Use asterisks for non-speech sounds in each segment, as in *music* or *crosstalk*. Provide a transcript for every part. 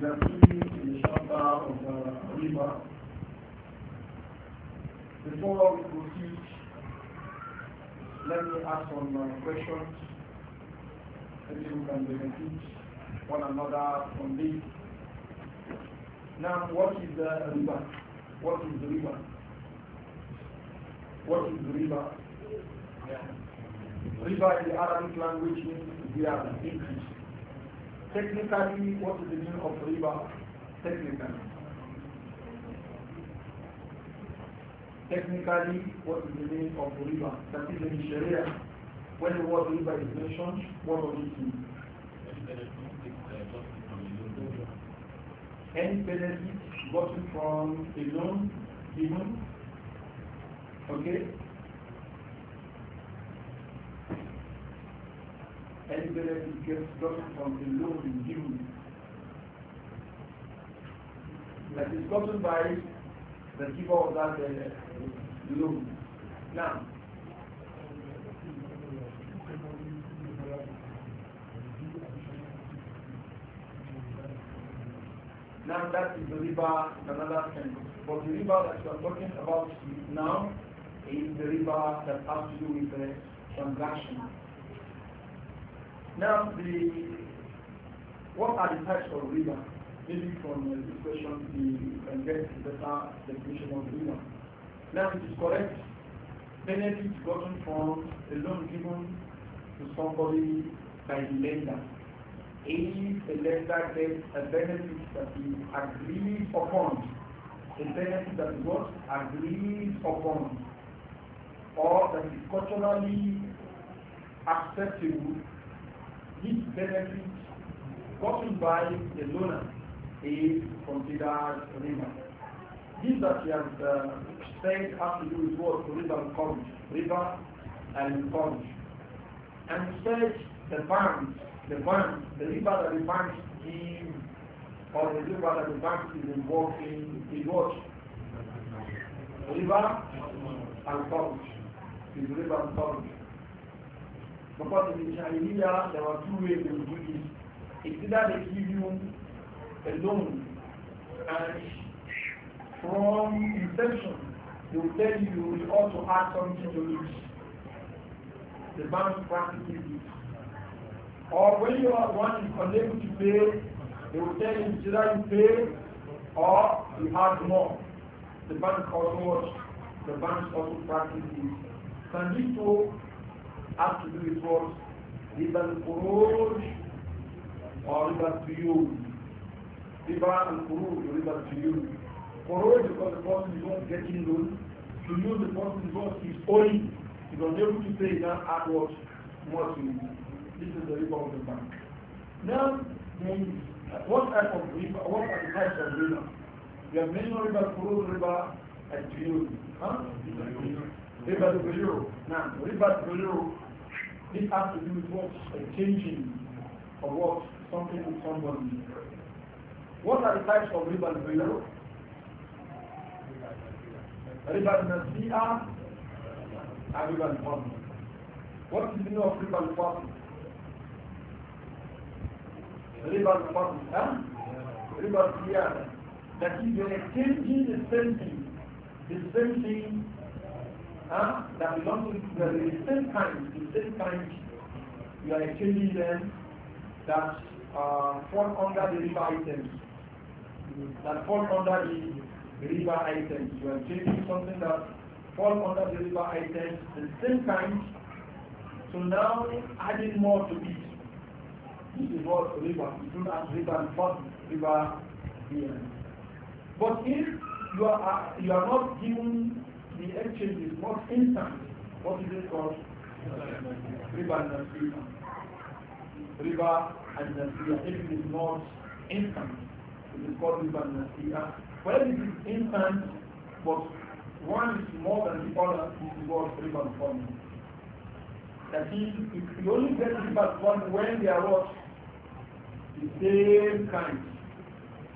before we proceed let me ask some uh, questions maybe we can benefit one another from this now what um, is the river what is the river what is the river yeah. river in the arabic language means we are the increase Technically, what is the meaning of riba? Technically. Technically, what is the meaning of riba? That is in Sharia. When the word riba is mentioned, what does it mean? Any benefit gotten from a loan given, okay, anybody who gets stuck from the law in June that is gotten by the giver of that uh, loan. Now, now that is the river, another thing. But the river that you are talking about now is the river that has to do with the uh, transaction. Now, the what are the types of riba? Maybe from uh, this question we can get a better definition of riba. Now, it is correct. Benefits gotten from a loan given to somebody by the lender. If the lender gets a benefit that is agreed upon, a benefit that was agreed upon, or that is culturally acceptable this benefit gotten by the donor, is considered riba. This that he has uh, said has to do with what riba coverage, riba and coverage. And we said the bank, the bank, the riba that the bank gives or the riba that the bank is involved in is what? Riba and coverage. Is riba and coverage. Because in the Jahiliyyah, there are two ways they would do this. It's either they give you a loan, and from inception, they will tell you you will also add something to it. The bank practices it. Or when you are one is unable to pay, they will tell you either you pay or you add more. The bank also the bank also practices it. Can these two have to do with what? Riba al-Quruj or Riba al-Tuyul. Riba al-Quruj or Riba al-Tuyul. Quruj because the person is not getting loan. Tuyul the person is not is owing. He's unable to pay that at what? More to This is the riba of the bank. Now, then, what type of riba? What are the types of riba? We have mentioned riba al-Quruj, riba al-Tuyul. Huh? Riba al-Tuyul. Now, riba al-Tuyul this has to do with what? Exchanging or what? Something with somebody. What are the types of riba we riba? Riba nasi'a and riba al What is the meaning of riba al-fadl? Riba al-fadl, huh? Riba al That the you're exchanging the same thing, the same thing huh, that belong to the same kind, the same kind, you are exchanging them that uh, fall under the river items, that fall under the river items. You are exchanging something that fall under the river items, the same kind. So now adding more to it. This is what river, you do not river and river here. But if you are, you are not given the exchange is not instant, what is it called? Riba and Nasiya. Riba and Nasiya. If it is not instant, it is called Riba and Nasiya. Uh, when it is instant, but one is more than the other, it is called Riba and Nasiya. That is, if you only get Riba one when they are what? The same kind.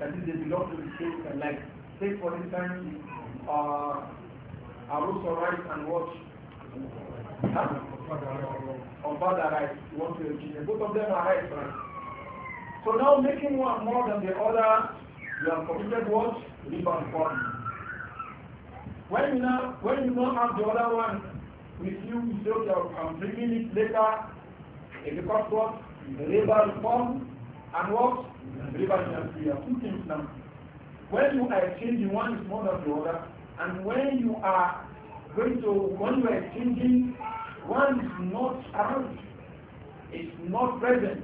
That is, they belong to the same kind. Like, say, for instance, uh, I also write and watch. what? On father right, you want to engineer. Both of them are right, right? So now making one more than the other, you have committed what? Riba and form. When you now when you don't have the other one with you, you say okay, I'm bringing it later. It becomes what? Riba and form and what? Riba and fear. Two things now. When you are exchanging one is more than the other, And when you are going to, when you are changing, one is not around, is not present.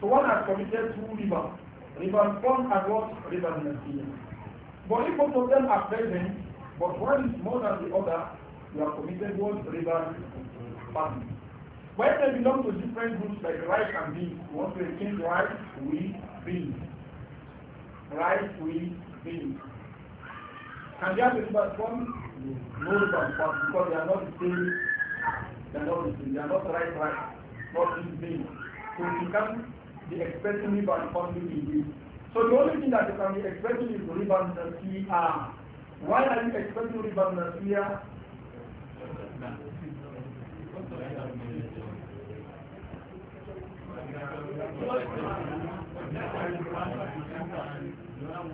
So one has committed two rivers, river one and what river Nasir. But if both of them are present, but one is more than the other, you are committed one river family. When they belong to different groups like rice and beans, you want to exchange rice with beans. Rice with beans. Can they have a riba from? No riba because they are not the same. They are not the same. They are not right, right. Not in vain. So you can be expecting riba and in So the only thing that you can be expecting is riba the CR. Why are you expecting riba the CR?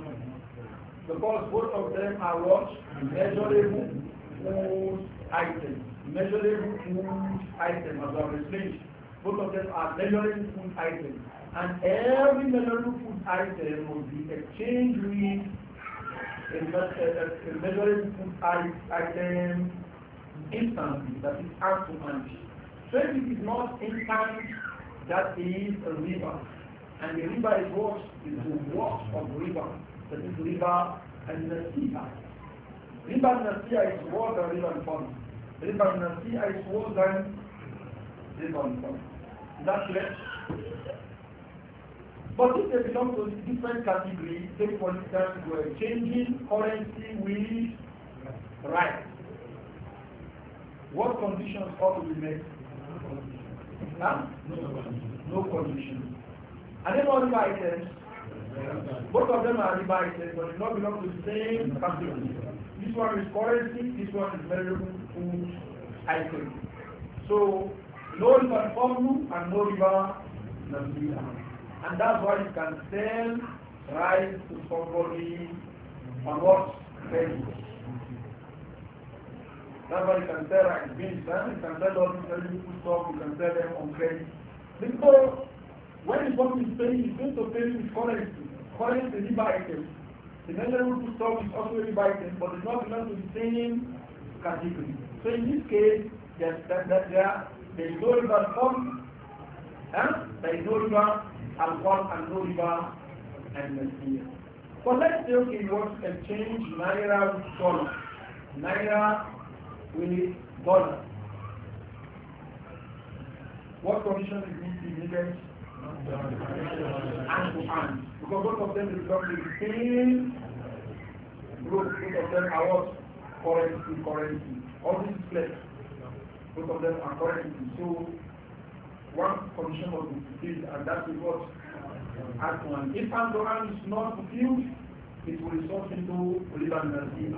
Thank you. Because both of them are what? Measurable food items. Measurable food items, as I've explained. Both of them are measuring food items. And every measurable food item will be exchanged with a, a, measurable food item instantly, that is hand to hand. So if it is not instant, that is a river. And the river is what? Is the work of river. That is riba and nasiya. Riba and nasiya is more than riba and fund. Riba and nasiya is more than riba and That's it. But if they belong to different category, say for instance, we're changing currency with rights. What conditions ought to be met? Huh? No conditions. No conditions. And then all the items both of them are devices, but they not belong to the same category. This one is currency, this one is variable food item. So, no river formula and no river Namibia. And that's why you can sell rice to somebody on what credit. That's why you can sell rice beans, huh? you can sell all these valuable stuff, you can sell them on credit. Because when the person is paying, he's going to pay with currency. According to riba items, the to stop is also riba items, but it's not belong to the same category. So in this case, there's, that, that there, there is no riba stock, and there is no riba alcohol and no riba and messenger. But let's look okay, what want to exchange naira with dollar. Naira with dollar. What condition is needed hand to Because both of them is to the same group. Both of them are what? Currency, currency. All these is Both of them are currency. So one condition must be fulfilled, and that is what hand If hand is not fulfilled, it will result into riba and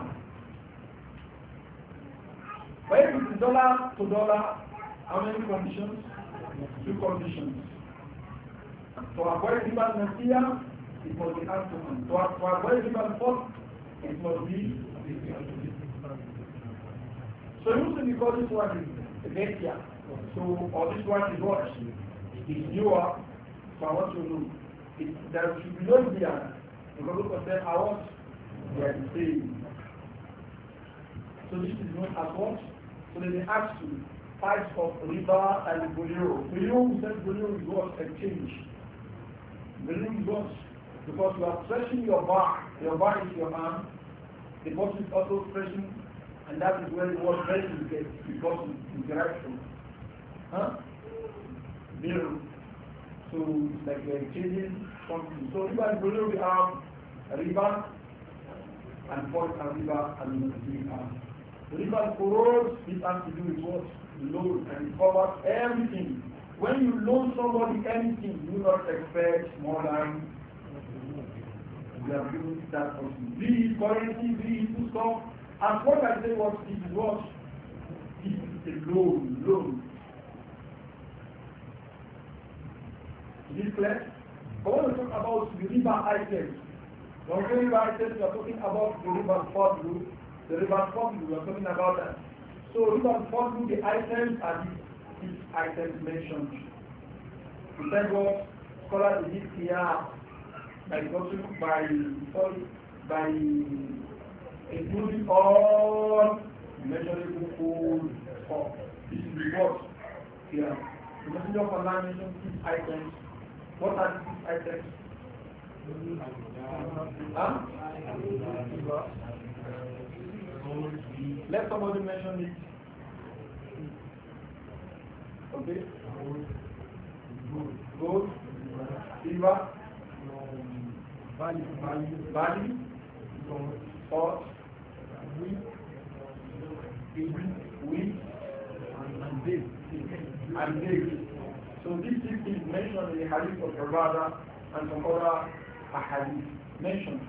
But if it's dollar to dollar, how many conditions? Two conditions. So To avoid riba Nasiya, it must be abstinent. To, to avoid riba Fort, it must be So you say because this one is Nasiya, so, or this one is what? It's newer, so I want to know. It, there should be no fear, because look at them, I they are the same. So this is known as what? So they ask you, types of riba and buliro. Buliro, we said buliro is what? change. The you don't. Because you are stretching your bar. Your bar is your arm. The person is also stretching. And that is where the word stretching gets because of interaction. Huh? Mirror. So it's like you're changing something. So riba and below we have river and port and river and the riba. Riba river corrodes, it has to do with what? Load and it covers everything. When you loan somebody anything, you do not expect more than you have given that person. Be it currency, be it stuff. As what I say was this was a loan, loan. Is it clear? But when we talk about the river items, when we river items, we are talking about the river fadlu, the river fadlu, we are talking about that. So river fadlu, the items are the items mentioned. The third scholars in this year by by sorry, by including all measurable foods or this is here. The messenger of Allah mentioned six items. What are these items? Huh? Let somebody mention it. Okay? Gold, silver, barley, barley, salt, wheat, wheat, and this, And this. So this things mentioned in the hadith of Rabada and some other hadith mentioned.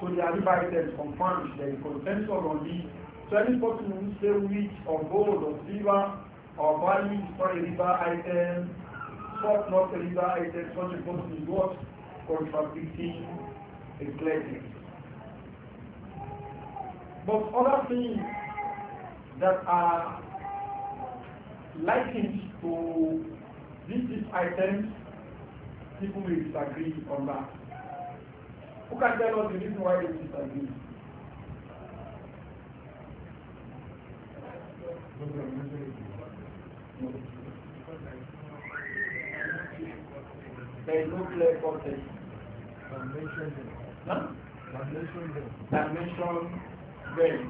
So the Alibi says confirms there is consensus on this. So any person who say wheat or gold or silver Our values for a riba item, sought not a riba item, such a person is what? Contradicting a blessing. But other things that are likened to these items, people may disagree on that. Who can tell us the reason why they disagree? They no clear context. Dimension them. Huh? Dimension game. Dimension game.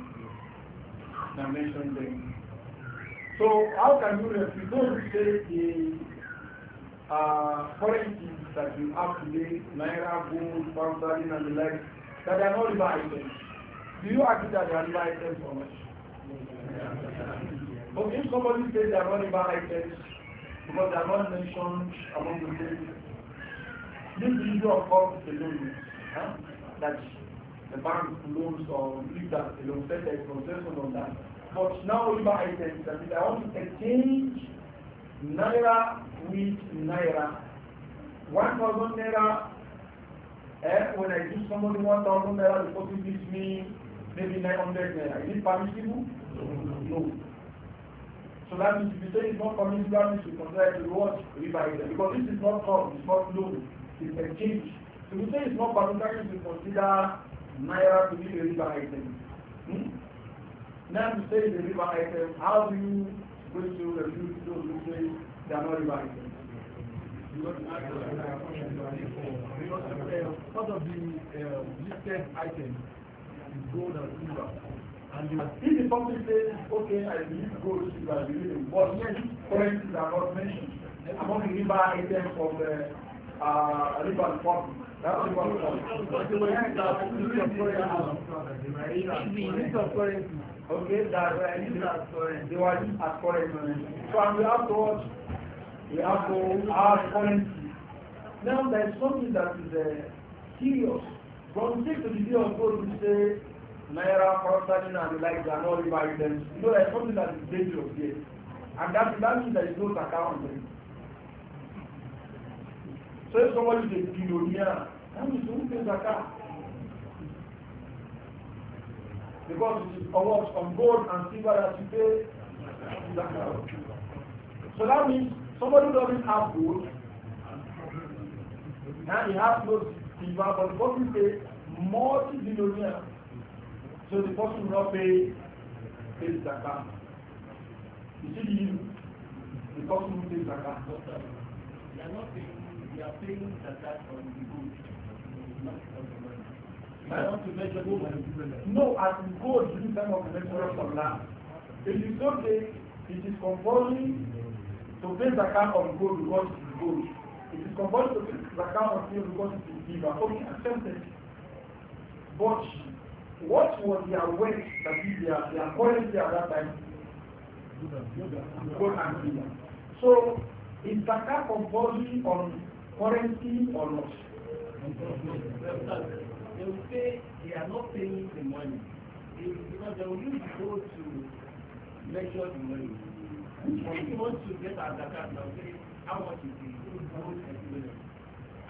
Dimension So how can you refute? Don't say the uh, currencies that you have today, naira, gold, pound and the like, that they are not river items. Do you agree that they are river items or not? But *laughs* if somebody says they are not river items because they are not mentioned among the things this issue of course the loan, huh? that the bank loans or leave that alone, set the concession on that. But now we buy items that if I want to exchange naira with naira, 1,000 naira, eh, when I give somebody 1,000 naira, the person gives me maybe 900 naira. Is it permissible? No. So that means if you say it's not permissible, you should consider it to what? Because this is not called, it's not loan. is exchanged. So we say it's not voluntary to consider naira to be a river item. Hmm? Now you say it's a river item, how do you going to refuse those who say they are not river items? Part of the uh, listed items is gold and silver. And if the public says, okay, I believe gold, silver, I believe in, but yes, currencies are not mentioned among the river items of the Uh, form. الفضل لا ربا الفضل Okay, that uh, they were at current money. So and we have to watch, we have to add currency. Now there is something that is uh, serious. From six to the day of course, we say naira, prostitution, and the like, they are not revive You know, there is something that is dangerous here. And that, that means there is no account on so if somebody is a billionaire, that means who pays zakat? Because it is awards on gold and silver that you pay zakat. So that means somebody who doesn't have gold, and he has no silver, but the person pays multi-billionaire. So the person will not pay pays zakat. You see the issue? The person will pays zakat. They are not paying we are paying the good, on the money. I want to measure gold and No, as gold during time of the measure of land. If you don't pay, it is compulsory to pay zakat on gold because it is gold. It is compulsory to pay zakat on gold because it is giver. Okay, accepted. But what was their weight that is their, their quality at that time? Gold and silver. So, is zakat compulsory on currency or not? they will say they are not paying the money. They, because they will use gold to measure the money. If you want to get a zakat, they will say how much is the gold equivalent.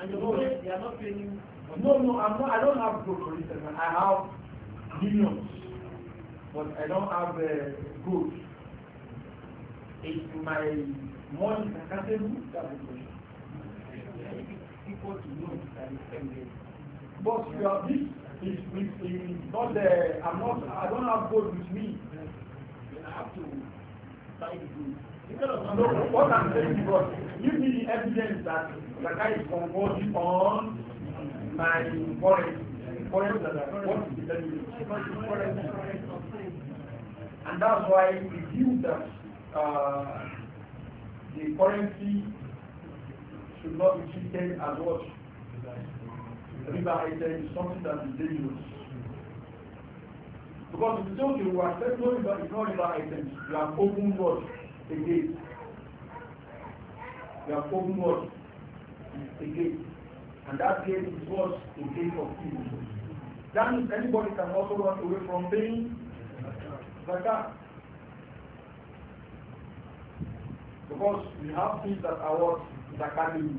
And they will say they are not paying. No, no, I'm not, I don't have gold for instance. I have millions, but I don't have uh, gold. Is my money zakatable? That's the question. know But you have this is not there. I'm not. I don't have gold with me. Then I have to No, what I'm saying is, give me the evidence that the guy is converting on my foreign. that I want to And that's why we view that uh, the currency should not be treated as what? Riba item is something that is dangerous. Because if you say, you, we accept no riba, it's not riba items, you have opened what? A gate. You have opened what? A gate. And that gate is what? A gate of evil. That means anybody can also run away from like that. Because we have things that are what? their family.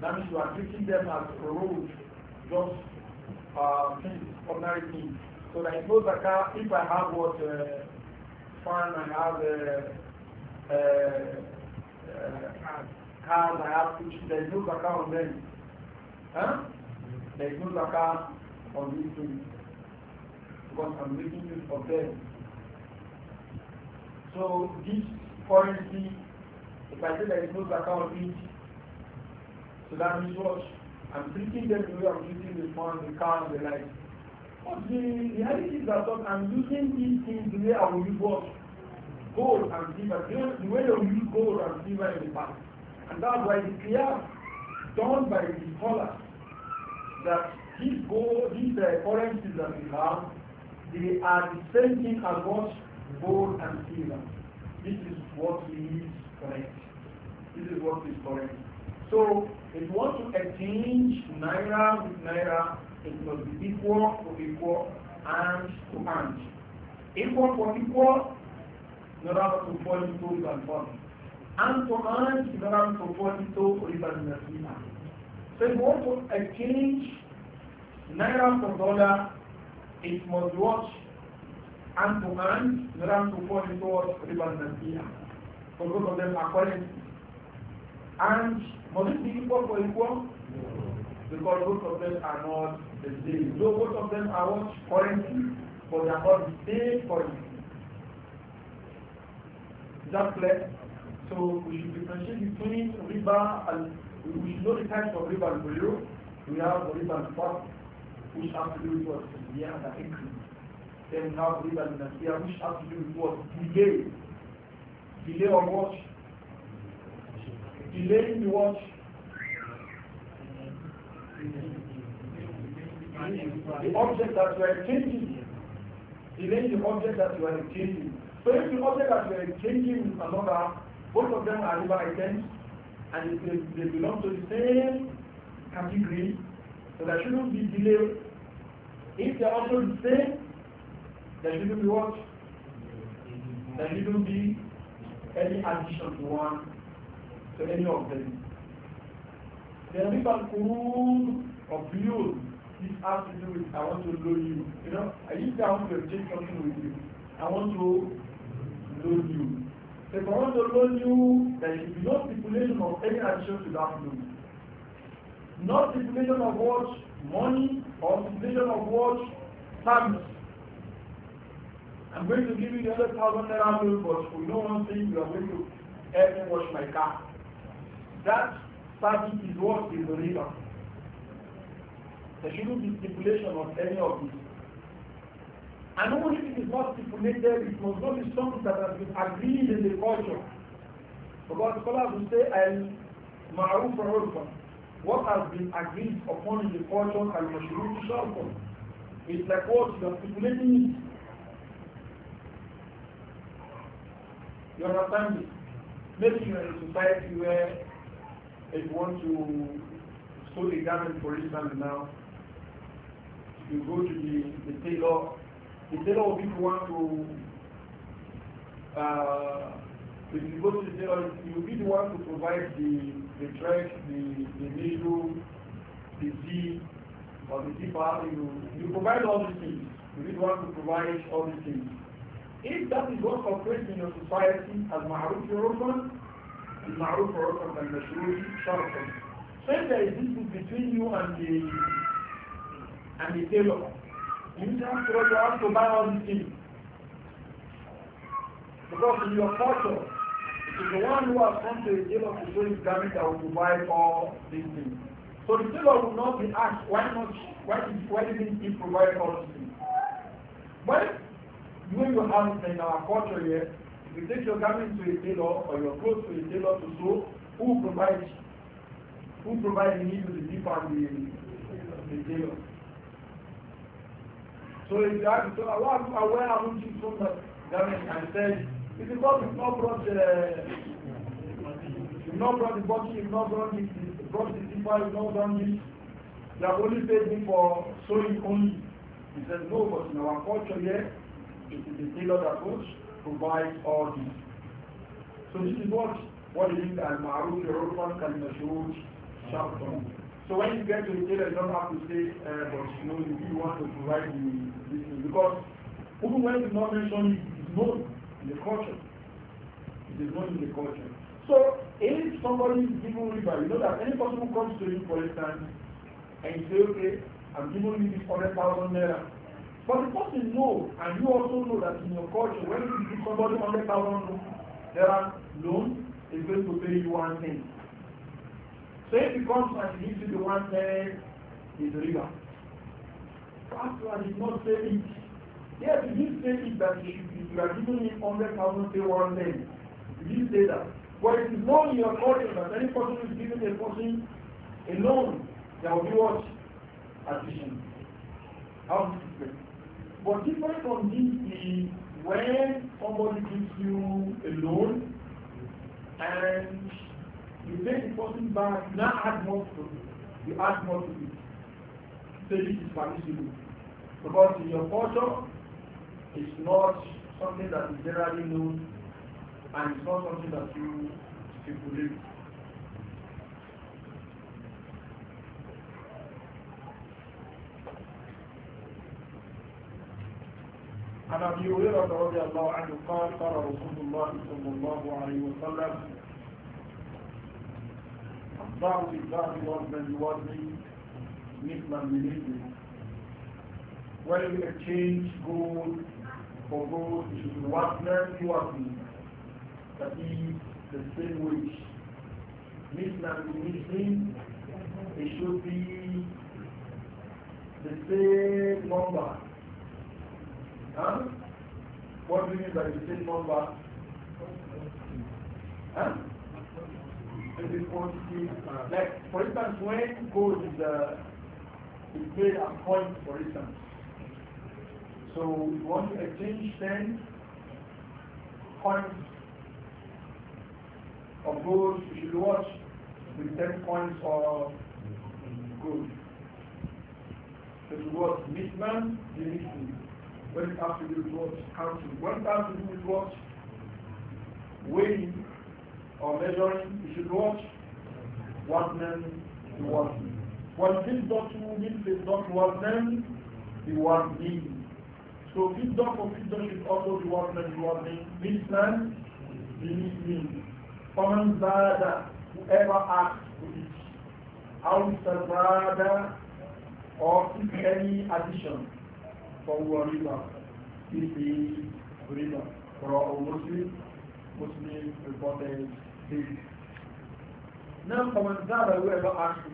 That means you are treating them as road, just uh, ordinary things. So that no zakah, if I have what uh, farm, I have uh, uh, uh, cars, I have fish, there is no zakah on them. Huh? There is no zakah on these things. Because I'm making use of them. So this currency, if I say there is no zakat of it, so that means what? I'm treating them the way I'm treating the funds, the car, the life. But the reality is that I'm using these things the way I will use what? Gold and silver. The way they will use gold and silver in the past. And that's why it's clear done by the scholars that these gold, these uh, currencies that we have, they are the same thing as what? Gold and silver. This is what is correct. This is what is correct. So if you want to exchange naira with naira, it must be equal for equal and to hand. Equal for equal naira order to fall into river and And to hand naira order to fall into river and So if you want to exchange naira for dollar, it must watch and to hand, the hand to fall into river and fear. So both of them are current. And mostly equal Because both of them are not the same. So both of them are what? Currently, but they are not the same That's clear? So we should differentiate between riba and we should know the types of riba and below. We have the riba and fast, which have to do with what? Yeah, the increase then have now believe that Nasir, which has to do with what? Delay. Delay on what? Delaying the what? The object that you are changing. Delaying the object that you are changing. So if the object that you are changing is another, both of them are river items and they, they belong to the same category, so there shouldn't be delay. If they are also the same, There shouldn't be what? There shouldn't be any addition to one, to any of them. There are cool who abuse this has to do with I want to know you. You know, I used to want to take something with you. I want to know you. So if I want to know you, there should be no stipulation of any addition to that loan. No stipulation of what? Money or stipulation of what? time. I'm going to give you the other thousand naira but we know one thing, you are going to help me wash my car. That service is what is the reason. There shouldn't be stipulation on any of this. And only if it is not stipulated, it must not be something that has been agreed in the culture. Because scholars will say, Al Ma'ruf what has been agreed upon in the culture, and Mashruq Sharfan. It's like what you are stipulating You understand me? Maybe you're in a society where if you want to sew a garment, for instance, now, you go to the, the tailor. The tailor will be the one to, uh, if you go to the tailor, you will be the one to provide the, the dress, the, the needle, the z, or the zipper. You, you provide all these things. You need the one to provide all these things. If that is what operates in your society as ma'ruf urfan, is ma'ruf urfan and mashruf sharfan. So if there is distance between you and the and the tailor, you have to, you have to buy all these things. Because in your culture, it is the one who has come to the tailor to show his garment that will provide all these things. So the tailor will not be asked, why not, why, did, why didn't he provide all these things? But you when you have in our culture here, if you take your garment to a tailor or your clothes to a tailor to sew, who provides who provides the need with the zipper and the, the tailor? So if you have I Allah to aware how much you sew garment and said, it's because it's not brought uh, you've not brought the body you've not brought the brought the zipper, you've not done this. You have only paid me for sewing only. He said, no, but in our culture here, it is the tailor that which provides all these. So this is what what is it al ma'ruf urfan kal mashruj shartan. So when you get to the tailor, you don't have to say, uh, but you know, if want to provide the, this thing. Because even when it's not mentioned, it is known in the culture. It is known in the culture. So if somebody is given riba, you know that any person who comes to you, for instance, and you say, okay, I'm giving you this 100,000 naira, But the person knows, and you also know that in your culture, when you give somebody 100,000 loan, there are loans, is going to pay you one thing. So if he comes and gives you the one thing, a river. Pastor did not say it. Yes, he did say it that if you are giving him 100,000 pay one thing. He did say that. But it is known in your culture that any person is giving a person a loan, there will be what? Addition. How do you But different from this is when somebody gives you a loan and you take the person back, now add more to it. You add more to it. Say this is permissible. Because in your culture, it's not something that is generally known and it's not something that you stipulate. عن ابي هريره رضي الله عنه قال قال رسول الله صلى الله عليه وسلم الظهر بالظهر وزنا بوزن مثلا بمثل When you exchange gold for gold, it should be wazna biwazn. That is the same weight. Mislan bimithlin, it should be the same number Huh? What do you mean by the same number? Huh? The quantity, like for instance, when gold is, uh, is made a coin, for instance, so we want to exchange 10 coins of gold, you should watch with 10 coins of gold. This was Misman, the Misman. When it has to do with what? Counting. When it has to do with what? Weighing or measuring, you should watch one man to one me. والفضة بالفضة والمال بوزنه. So فضة for فضة should also be one man بوزنه. Mislan بمثله. فمن زاد whoever acts with it. أو or if any addition. مسلم Now فمن ذهب whoever asked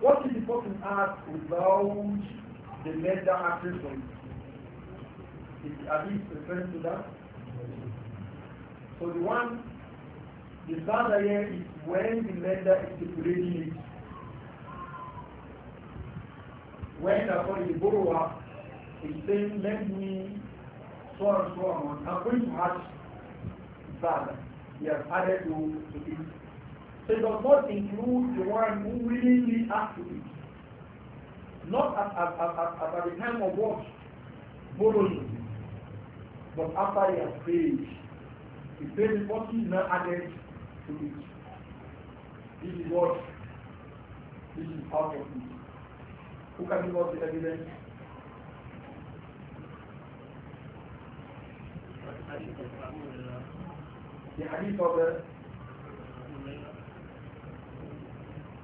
what is the person ask without the lender asking for it? Is Abis referring to that? So the one, the father here is when the lender is stipulating it when the borrower is saying, let me so and so amount, I'm going to add that he has added to, to it. So it does not include the one who willingly asked to it. Not at, at, at, at, at the time of what? Borrowing. But after he has paid, he paid what he now added to it. This is what? This is part of it who can give us the evidence? hadith of the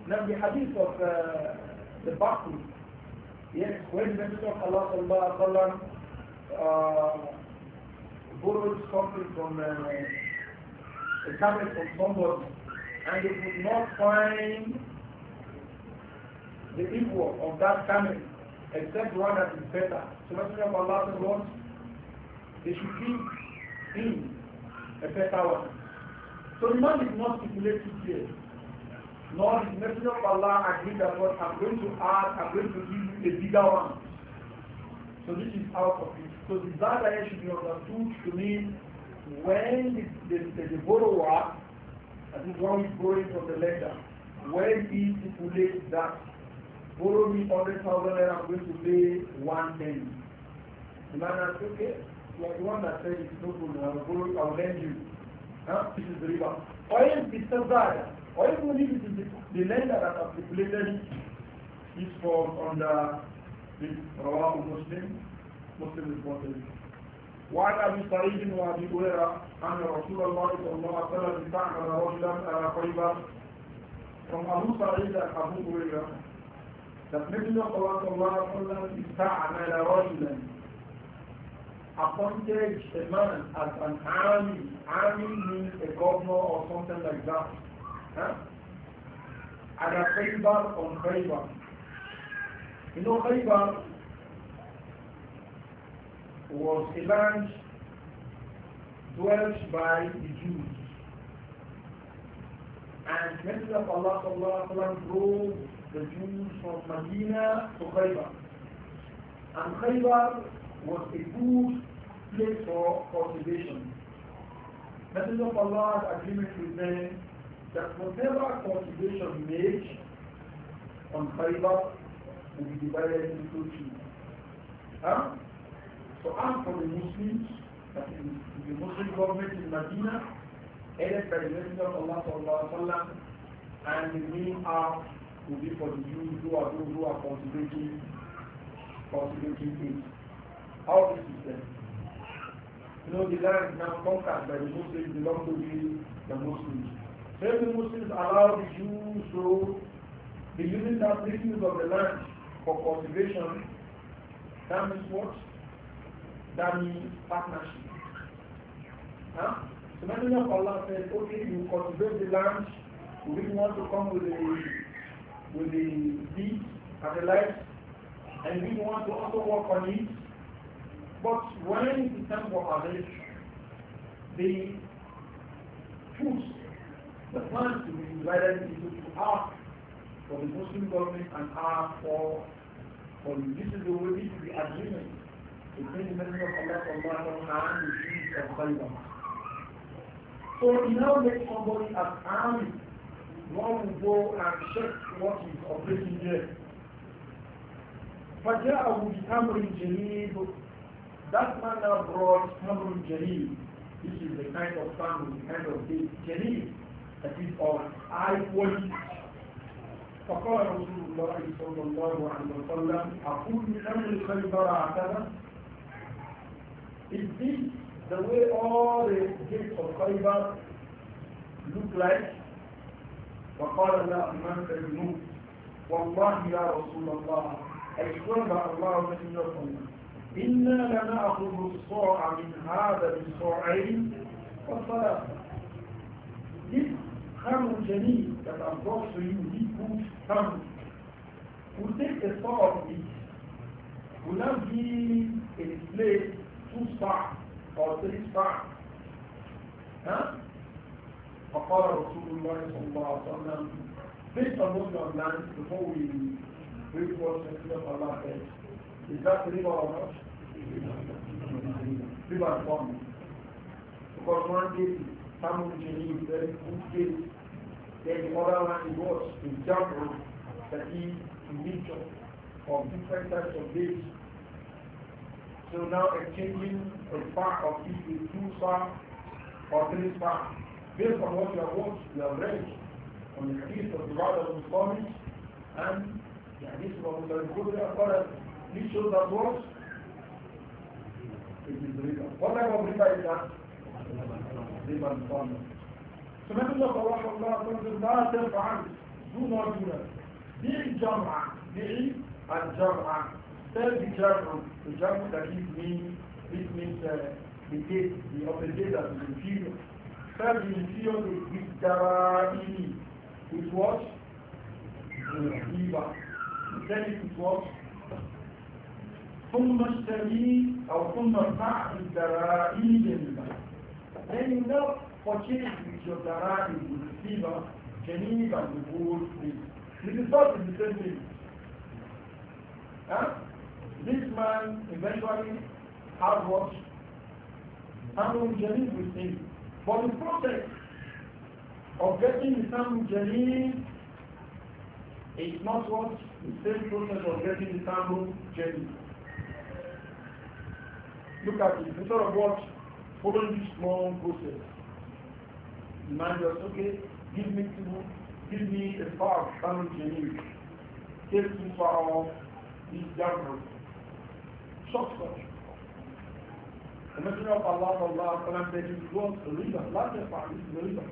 now the hadith of the Baku. Yes, when the Messenger of Allah sallallahu alaihi wasallam uh, borrowed something from uh, a tablet from somebody, and it could not find the equal of that family, except one that is better. So Messenger of Allah said what? They should give him a better one. So the man is not stipulated here. Nor the Messenger of Allah agreed that what I'm going to add, I'm going to give you a bigger one. So this is out of it. So the desire should be understood to mean when the, the, the, the borrower, that is one borrowing from the lender, when he stipulates that borrow me 100,000 naira, I'm going to pay one 110. The man asked, okay, you are the one that said it's no problem, I'll borrow, I'll lend you. Huh? This is the river. Or if it's the buyer, or even if it is the, the lender that has stipulated this form under the Rawah Muslim, Muslim reported. وعن ابي سعيد وابي هريره ان رسول الله صلى الله عليه وسلم استعمل رجلا خيبر from Abu Sa'id and Abu صلى Nabiya Sallallahu Alaihi appointed a man as an army. Army means a governor or something like that. Huh? And a favor on favor, You know favor was a land dwelt by the Jews. And the Messenger of Allah Sallallahu Alaihi Wasallam the Jews from Medina to Khaybar. And Khaybar was a good place for cultivation. Messenger of Allah agreement with them that whatever cultivation made on Khaybar will be divided into two. Huh? So i for the Muslims, that is the Muslim government in Medina, headed by the Messenger of Allah and the name are will be for the Jews who are those who are cultivating, cultivating it. How this is done. You know, the land now conquered by the Muslims belongs to the, the Muslims. So if the Muslims allow the Jews to be using that resource of the land for cultivation, that means what? That means partnership. Huh? So Messenger of Allah said, okay, you cultivate the land, we want to come with the with the feet and the legs, and we want to also work on it. But when the time for harvest, the fruits, the plants to be divided into two halves for the Muslim government and half for, for this is the way this is the agreement between the Messenger of Allah and the Jews of Khalifa. So he now makes somebody as army long ago go and check what is operating there. فَجَاءَهُ بِأَمْرٍ جَلِيلٍ That man now brought أَمْرٌ جَلِيلٍ This is the kind of family, the kind of day, جَلِيلٍ that is of high quality. فقال رسول الله صلى الله عليه وسلم أقول من أمر It is Is this the way all the gates of Khaybar look like? فقال لا أمانك الجنوب والله يا رسول الله أشكرنا الله كثيرا إنا لنأخذ الصاع من هذا الصاعين وثلاثة خم جنيه كان أبوش يوديك خم وتلك الصاع دي ونبي الفلي تصبح أو تصبح ها فقال رسول الله صلى الله عليه وسلم Based on what you have before we read what the Allah said, is that riba or not? Riba and Because one case is Samuel Jani, very good case. Then the other one is what? Is Jabra, that is the nature of different types of dates. So now exchanging a part of it with two star or three star based on what you have watched, you have read on the hadith of the Ba'ad of muslami and the hadith of Abu Dhabi Khudri this shows that what? It is riba. What type of riba is that? Riba al-Muslami. So Messenger of Allah sallallahu wa sallam said, do not do that. Be jam'a, be al-jam'a. Tell the jam'a, the jam'a that it means. It means uh, the date, the opposite that is inferior. فَبِالْفِيَةُ بِالْدَرَائِلِ It was Then it was ثُمَّ اشْتَرِي أو ثُمَّ ارْفَعْ بِالْدَرَائِلِ جَنِيبًا Then you now purchase with your dara'il, with riba, Janib the gold thing. This is not the same thing. Huh? This man eventually has what? Amrul Janib with him. But the process of getting Islam Jaleel is not what the same process of getting Islam Jaleel. Look at it. Instead of what following this long process, imagine, just okay, give me two, give me a far of Islam Jaleel. Take too far off this downward. Shortcut. The Messenger of Allah sallallahu alayhi wa said he was a riba, not just for this riba.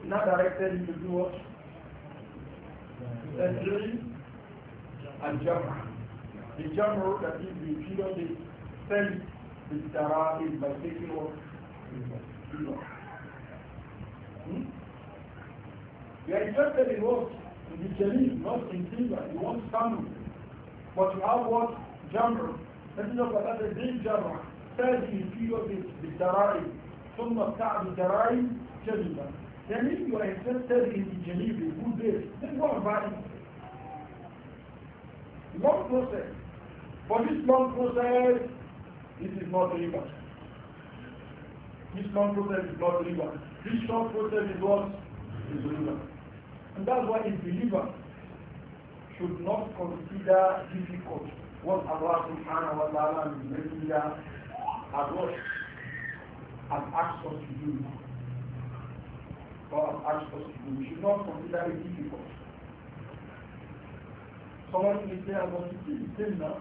He now directed him to do what? Entry and jam'ah. The jam'ah that is the period they sell the tara by taking what? Riba. Hmm? You are interested in what? In the jaleel, not in silver. You want some. But you have what? Jam'ah. Messenger of Allah said, bring jam'ah. هذه في بالدرائب ثم بتاع بالدرائب جلبا Then if you accept هذه الجليب good day, then what about it? Long process. For this long process, this is not riba. This long process is not riba. This short process is what? Is riba. And that's why a believer should not consider difficult what Allah subhanahu wa ta'ala is making has what? Has asked us to do. God has asked us to do. We should not consider it difficult. Someone may say, I want to do the same now.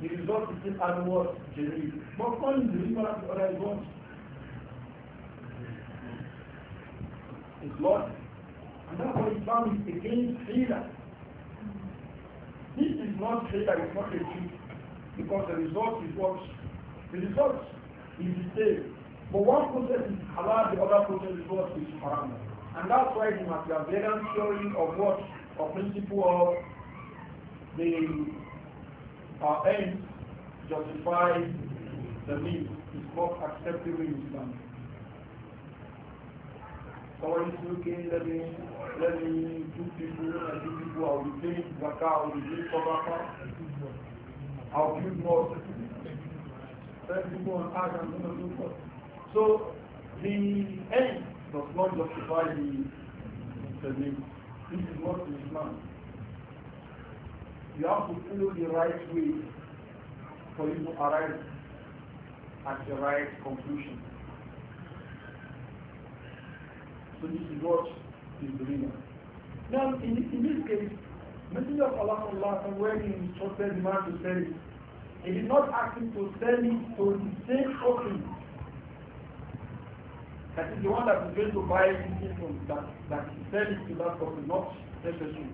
The result is that still outward, generic. But God is the reason that the other is what? It's Lord. And that's why Islam is against freedom. This is not freedom, it's not a truth. Because the result is what? The result is the same. But one process is halal, the other process is what is haram. And that's why the Machiavellian theory of what, of principle of the uh, end justifies the means is not acceptable in Islam. Someone is looking, let me, let me two people, and two people, I will be paying Zakah, I will be paying Sobaka, I will build mosques then people on earth and so on and so forth. So the end does not justify the, the This is not Islam. You have to follow the right way for you to arrive at the right conclusion. So this is what is the reason. Now, in, in this case, Messenger of Allah, when he instructed the man to say, he did not ask him to sell it to the same person. That is the one that is going to buy it from that, that he sell it to that person, not necessarily.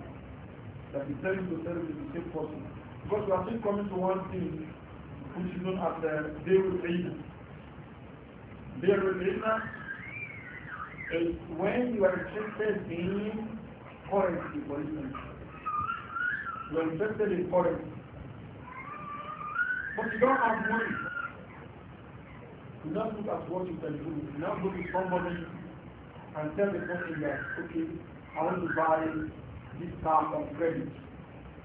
That he sell to sell it to the same person. Because we are still coming to one thing which is known as the uh, Deirul Ilna. Deirul Ilna is when you are interested in currency, for instance. You are interested in currency. But you don't have money. You don't look at what you can do. You now go to somebody and tell the person that, okay, I want to buy this car on credit.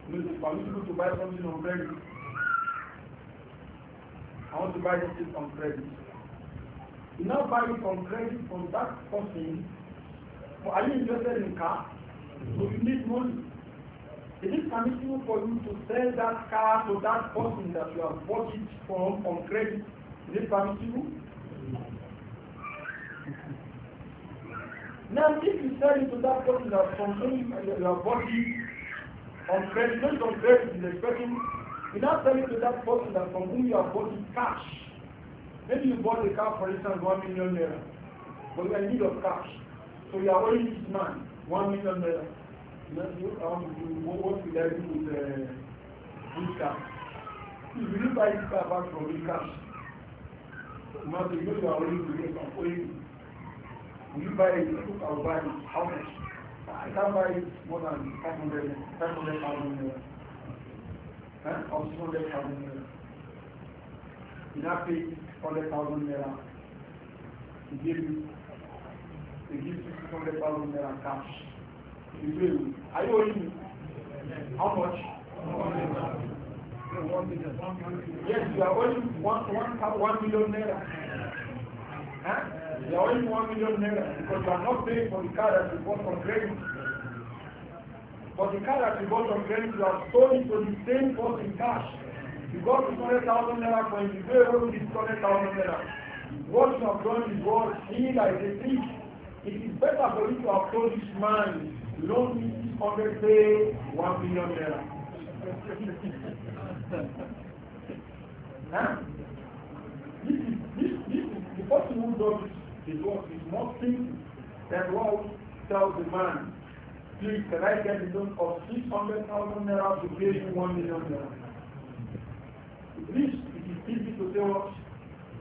You know, it's permissible to buy something on credit. I want to buy this thing on credit. You now buy it on credit from that person. But are you interested in car? So you need money. Is it permissible for you to sell that car to that person that you have bought it from on credit? Is it permissible? Now, if you sell it to that person that from whom you have bought it on credit, not on credit, is expecting, you now sell it to that person that from whom you have bought it cash. Maybe you bought the car, for instance, one million naira, but you are in need of cash. So you are owing this man one million naira what will I do with this car? If you buy this car back from this cash, Master, you know you are to get some oil. If you buy it? I will buy it. How much? I can't buy it more than 500,000 naira. Huh? Or 600,000 naira. You now pay 100,000 naira. He gave you. He gives you 600,000 naira cash. You will. Are you owing me? How much? Yes, you are owing one, one, one million naira. Huh? You are owing one million naira because you are not paying for the car that you bought from credit. But the car that you bought from credit, you have sold it to the same person in cash. You got 200,000 naira for him, you pay over 200,000 naira. What you have done is what he like a thief. It is better for you to have told this man you don't need 600 pay 1 million naira. huh? This is, this, this is, the person who does this is what is more simple than what tells the man, please can I get the loan of 600,000 naira to pay you 1 million naira. This it is easy to say what?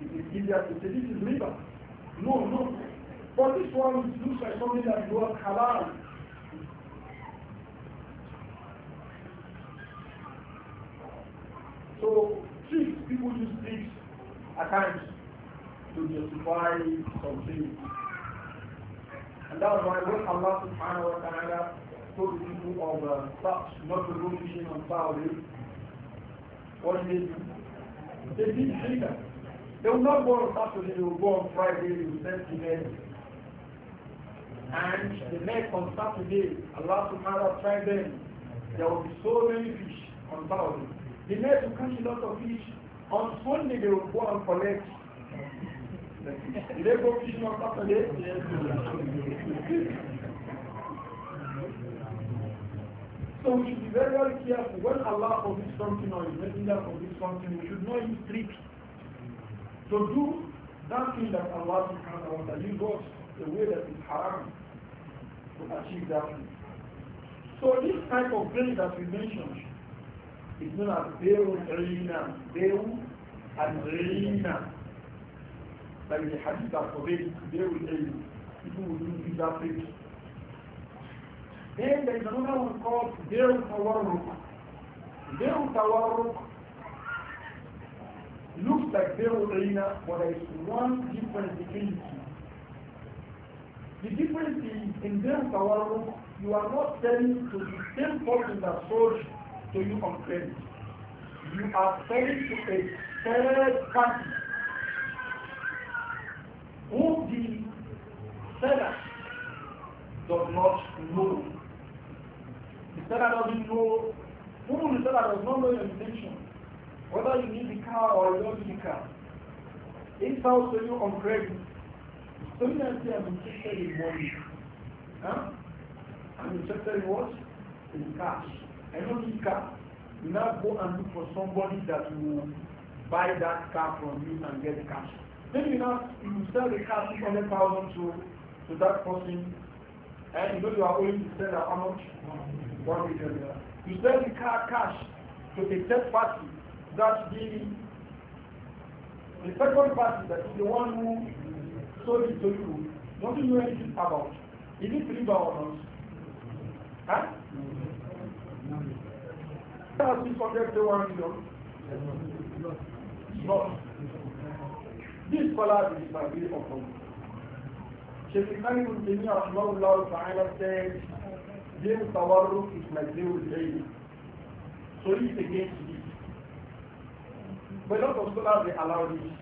It is easier to say this is riba. No, no. But this one looks like something that was halal. So tricks, people use tricks at times to justify something. And that was why when Allah subhanahu wa ta'ala told the people of the uh, Saps not to go fishing on Saturday, what did they do? They didn't say that. They will not go on Saturday, they will go on Friday, they will send to And the next on Saturday, Allah subhanahu wa ta'ala tried them. There will be so many fish on Saturday. They made to catch a lot of fish. On Sunday, they will go and collect. Did they go fishing on Saturday? so we should be very, very careful. When Allah forbids something or His Messenger forbids something, we should not use trick to do that thing that Allah subhanahu wa ta'ala used us the way that is haram to achieve that thing. So this type of thing that we mentioned it's known as Be'ul-Rina. Be'ul and Rina. Like the hadith that forbade beul People will do this Then there is another one called Be'ul-Tawarruk. Be'ul-Tawarruk looks like Be'ul-Rina, but there is one difference between the two. The difference is in Be'ul-Tawarruk, you are not telling to the same person that sold to you on credit. You are selling to a third party who the seller does not know. The seller doesn't know, who the seller does not know your intention, whether you need the car or you don't need the car. It sells to you on credit. Sometimes they are interested in money. Huh? I'm interested in what? In cash. I don't car. You now go and look for somebody that will buy that car from you and get the cash. Then you now you sell the car six hundred thousand to to that person, and eh, you know you are owing to sell how much one million. You sell the car cash to a third party that the the second party that is the one who sold it to you, don't you know anything about? Is it Is it three dollars? Huh? This scholar is my view of Sheikh Ibrahim ibn Taymiyyah rahmahullah ta'ala said, Din Tawarruk is my view So he's against this. But a lot of scholars, they allow this.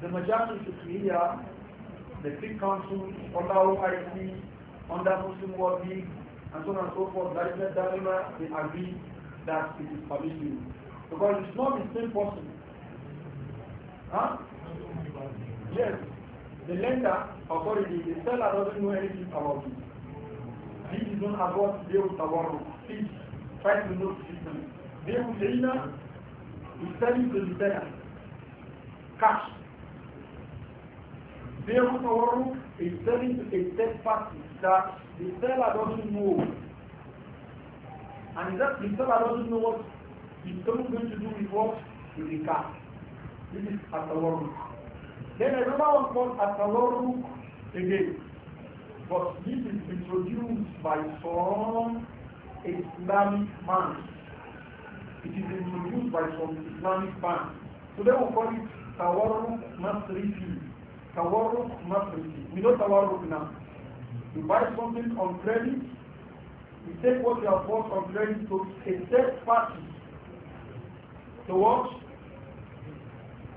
The majority of Fiqhiyya, the Fiqh Council, under OIC, under Muslim World League, and so on and so forth, that is that dilemma, they agree that it is permissible. Because it's not the same person. Huh? Yes, the lender authority, the seller doesn't know anything about it. This is not about Deus Tawarro. Please try to know the system. Deus Leina is selling to the seller. Cash. Deus Tawarro is selling to a third party that the seller doesn't know. And that the seller doesn't know what he's going to do with what? With the car. This is Atawaruk. Then another one called Atawaruk again. But this is introduced by some Islamic man. It is introduced by some Islamic man. So they will call it Tawarruk Masrifi. Tawarruk Masrifi. We know Tawarruk now. You buy something on credit, you take what you have bought on credit to a third party to what?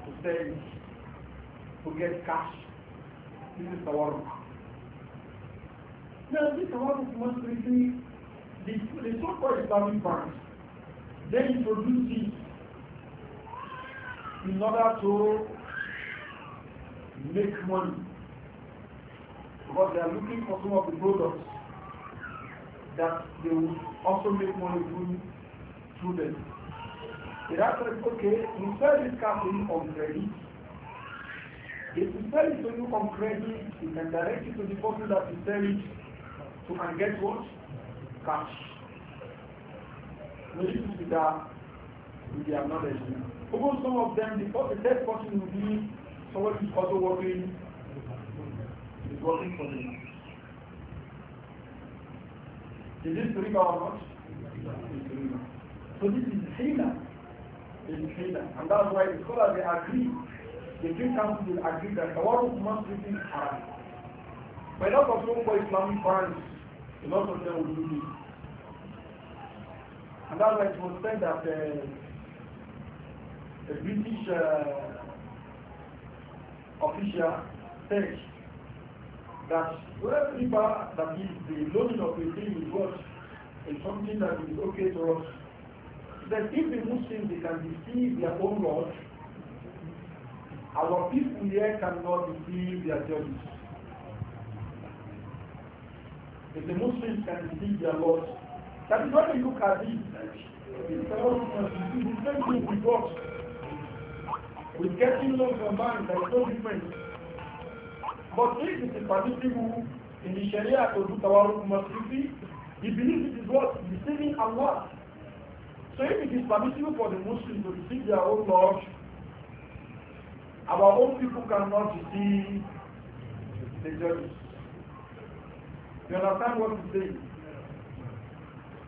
To sell it, to get cash. This is the work. Now, this work most be the, the so-called Islamic banks. They introduce it in order to make money. because they are looking for some of the products that they would also make money through, through them. The doctor is okay, you sell this car to you on credit. If you sell it to you on credit, you can direct it to the person that you sell it to and get what? Cash. We need to see that with their knowledge. Even some of them, the third person will be somebody who's also working working for the nafs. Is this riba or not? So this is hila. This is hila. And that's why the scholars they agree, the three councils will agree that the world must be in haram. But not all of people for Islamic parents, a lot of them will do this. And that's why it was said that uh, a British uh, official said that wherever riba that is the loaning of the thing is something that is okay to us. That if the Muslims they can deceive their own Lord, our people here cannot deceive their judges. If the Muslims can deceive their Lord, that is why we look at this. Oh, it's the same thing with God. With getting loans from banks, there is no difference. But if it is permissible in the Sharia to do tawarruk masrifi, he believes it is what? Deceiving Allah. So if it is permissible for the Muslims to deceive their own Lord, our own people cannot deceive the judges. You understand what I'm saying?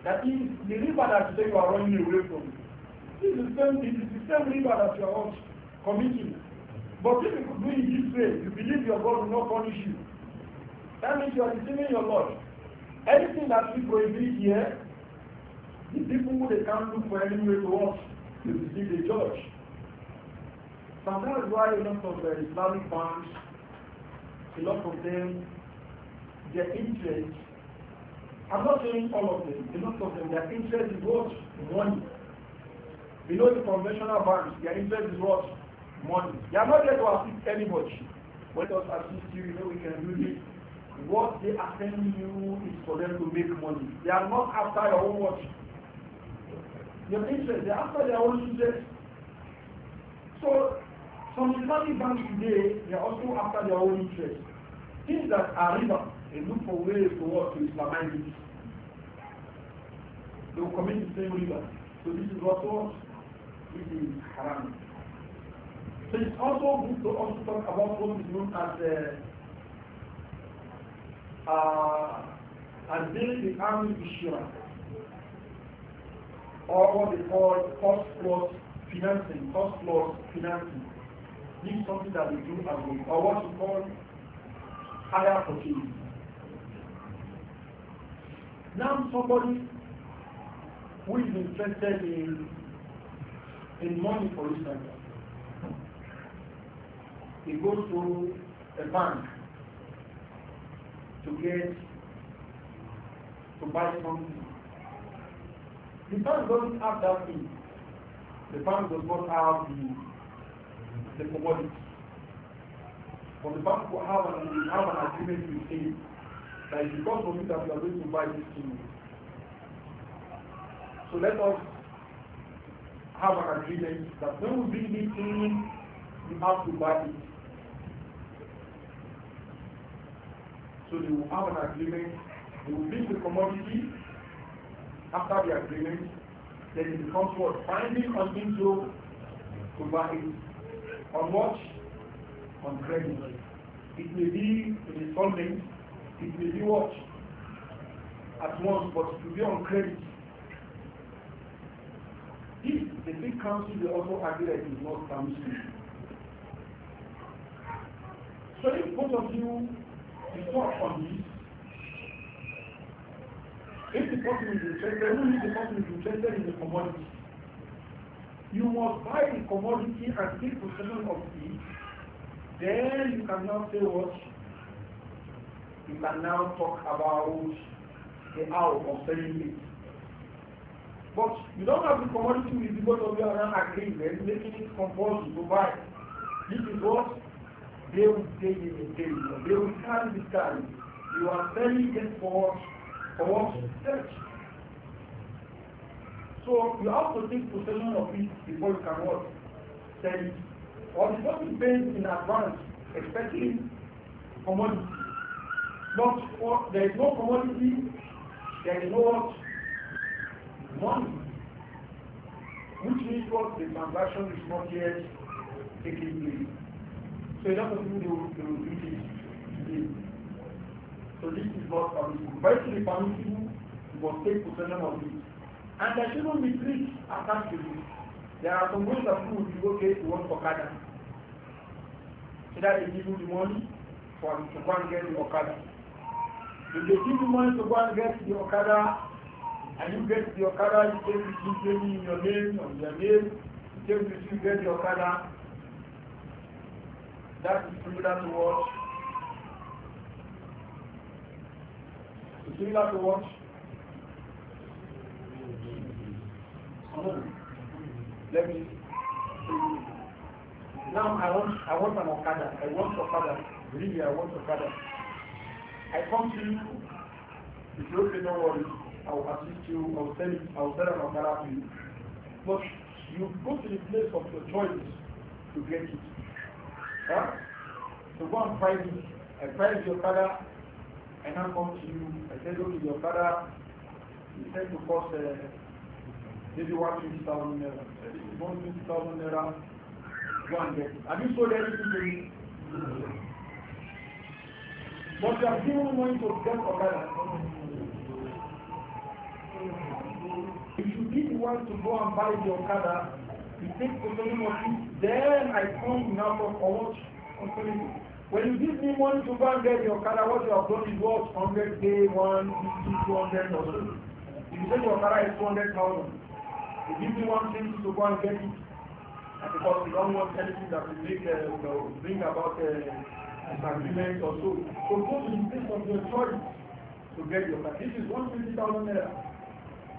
That is the river that you say you are running away from. This is the same, it is the same river that you are committing. But if you do it this way, you believe your God will not punish you. That means you are deceiving your Lord. Anything that we prohibit here, the people who they can't look for any way to us, they deceive the judge. So that's why a lot of the uh, Islamic banks, a lot of them, their interest, I'm not saying all of them, a lot of them, their interest is what? Money. know the conventional banks, their interest is what? money. They are not there to assist anybody. Let us assist you, you know, we can do this. What they are sending you is for them to make money. They are not after your own watch. Their interest, they are after their own interest. So, some Islamic banks today, they are also after their own interest. Things that are riba, they look for ways to work to Islamize it. They will commit the same riba. So this is what was, this is haram. So it's also good to also talk about what is known as uh, uh, as being the army insurance or what they call cost plus financing, cost plus financing. This is something that we do as well, or what we call higher purchase. Now somebody who is interested in in money for example he goes to a bank to get to buy something. The bank doesn't have that thing. The bank does not have the the commodity. But the bank will have an, will have an agreement with him that it's because of you that you are going to buy this thing. So let us have an agreement that when we bring this thing, you have to buy it. So they will have an agreement. They will bring the commodity after the agreement. Then it becomes what? finally on into to buy it. On what? On credit. It may be in installment. It may be what? At once, but it will be on credit. If the big council they also agree that it is not permissible. So if both of you If the person is interested, only if the person is interested in the commodity. You must buy the commodity and take possession of it. Then you can now say what? You can now talk about the hour of selling it. But you don't have the commodity with the both of you are agreeing, then making it compulsory to buy. This is what They will day in the day They will carry this carry. You are very good for for search. So you have to take possession of it before you can what? Sell it. Or before you pay in advance, expecting commodity. Not for, there is no commodity, there is no Money. Which means what the transaction is not yet taking place. So you're not going to do the, So this is not permissible. Virtually permissible, you must take possession of it. And there shouldn't be tricks attached to this. There are some ways that people will be okay to work for Kada. So that they give you the money for to go and get the Okada. If they give you money to go and get the Okada, and you get the Okada, you take the in your name, on your name, you take the you get the Okada, That is similar to what? Similar to what? No. Let me. Now I want I want an Okada. I want Okada. Really, I want Okada. I come to you. If you okay, no worries. I will assist you. I will sell it. I will sell an Okada to you. But you go to the place of your choice to get it. Huh? So go and find it. I find your father and I come to you. I said, look, your father, he said to cost uh, maybe thousand naira. I said, 120,000 naira, go and get it. Have you sold everything to me? But you have given money to get for that. If you didn't one to go and buy your father you take concerning money, then I come now for, for what? Concerning When you give me money to go and get your car, what you have done is what? 100 day, 150, 200 or so. If you say your car is 200,000, you give me one thing to go and get it. Because we don't want anything that will make, uh, you know, bring about uh, an agreement or so. So go to the place of your choice to get your car. This is 150,000 naira.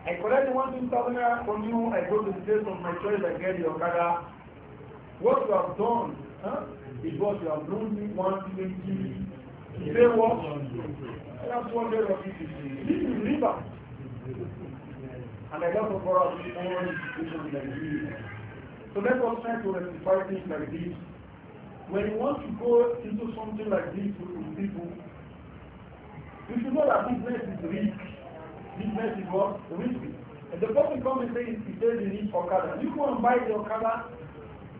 I collect collected 1,000 naira from you, I go to the place of my choice, I get your Okada. What you have done huh, is what you have loaned me 120. You say what? I have 200 of it. This is riba. And I got to borrow own institution like this. So let us try to rectify things like this. When you want to go into something like this with people, you should know that business is rich business is what? Risky. and the person comes and says he says he needs Okada, you go and buy the Okada.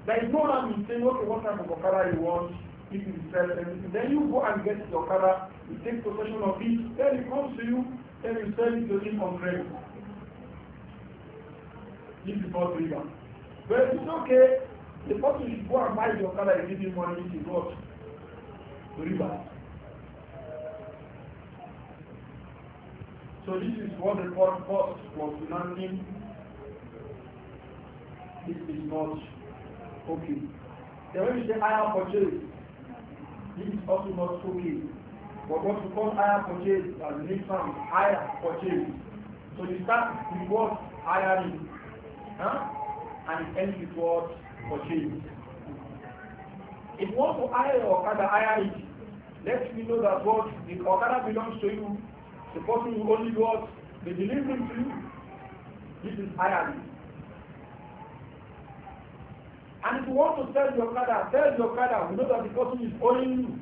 There is no harm in saying, okay, what type of Okada you want, if you sell everything. Then you go and get the Okada, you take possession of it, then it comes to you, then you sell it to him on credit. This is not legal. But it's okay. The person should go and buy the Okada and give him money, he is what? Riba. So this is what the court court was demanding. This is not okay. The when you say higher purchase, this is also not okay. But what we call higher purchase as the next term, higher purchase. So you start with what hiring, huh? and it ends with what purchase. If you want to hire your Okada, hire it. Let me know that what the Okada belongs to you The person will only does, the they deliver to you. This is hiring. And if you want to sell your car, sell your kada. We know that the person is owing you.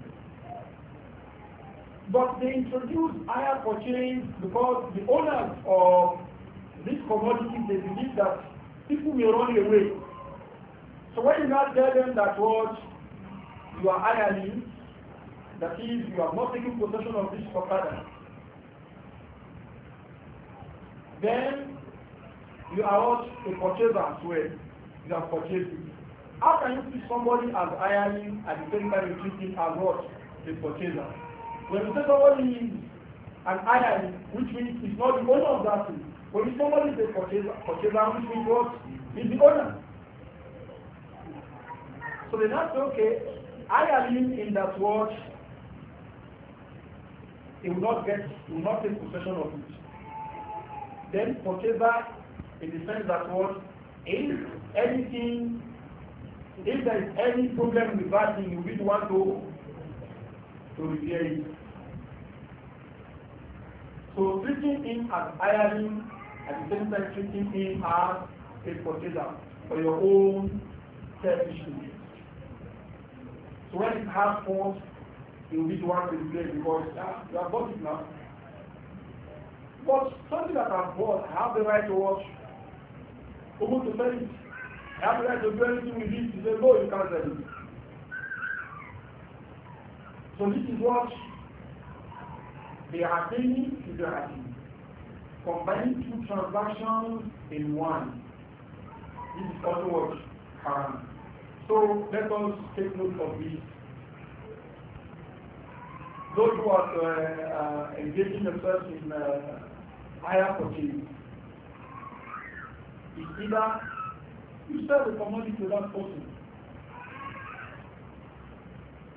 But they introduce higher change because the owners of these commodities, they believe that people may run away. So when you now tell them that what you are hiring, that is, you are not taking possession of this Okada, then you are not a purchaser as well. You are purchasing. How can you see somebody as hiring at the same time you treat him as what? A purchaser. When you say somebody is an hiring, which means he's not the owner of that thing. When you somebody is a purchaser, purchaser which means what? He's the owner. So then that's okay. Hiring in that word, it will not get, he will not take possession of it. Then purchaser it the that what if anything, if there is any problem with that thing, you will want to to repair it. So treating him as hiring at the same time treating him as a purchaser for your own selfish needs. So when it has force, you will want the one to replace because ah, you have bought it now. But something that I've bought, I have the right to watch. Who wants to sell it? I have the right to do anything with it. He said, no, you can't sell it. So this is what they are paying to the Hakim. Combining two transactions in one. This is also what haram. So let us take note of this those who are uh, uh, engaging themselves in uh, higher purchase, it's either you sell the commodity to that person.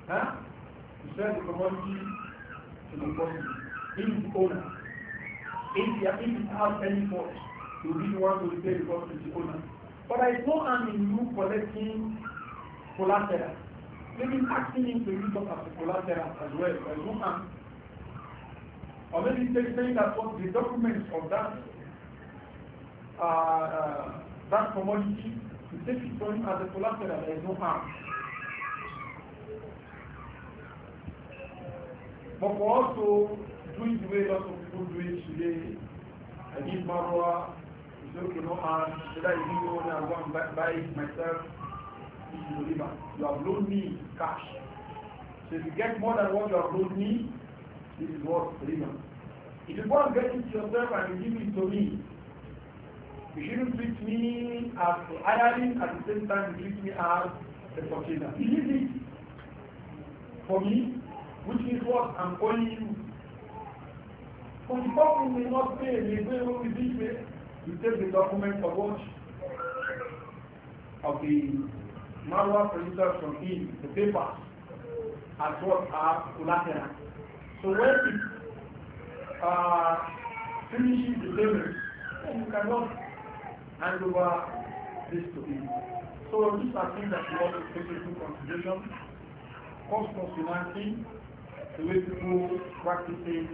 Huh? You sell the commodity to the person. He is the owner. If he, if he has any fault, you really want to repay the cost to the owner. But there is no harm in you collecting collateral. maybe asking him to use up as a collateral as well, as woman. Or maybe saying that what oh, the documents of that uh, uh, that commodity, to take it from him as a collateral, there is no harm. But for us to the way a lot of people do it today, I give Marwa, it's okay, no harm, should I even go and go and buy it myself? is riba. You have loaned me cash. So if you get more than what you have loaned me, this is what riba. If you go and get it yourself and you give it to me, you shouldn't treat me as hiring at the same time you treat me as a purchaser. He it for me, which is what I'm paying you. When the person may not pay, may pay only this way. You take the document for what? Of the Marwa produces from him the papers as what are uh, collateral. So when it uh, finishes the payment, then you cannot hand over this to him. So these are things that we want to take into consideration. Cost of financing, the way people practice it.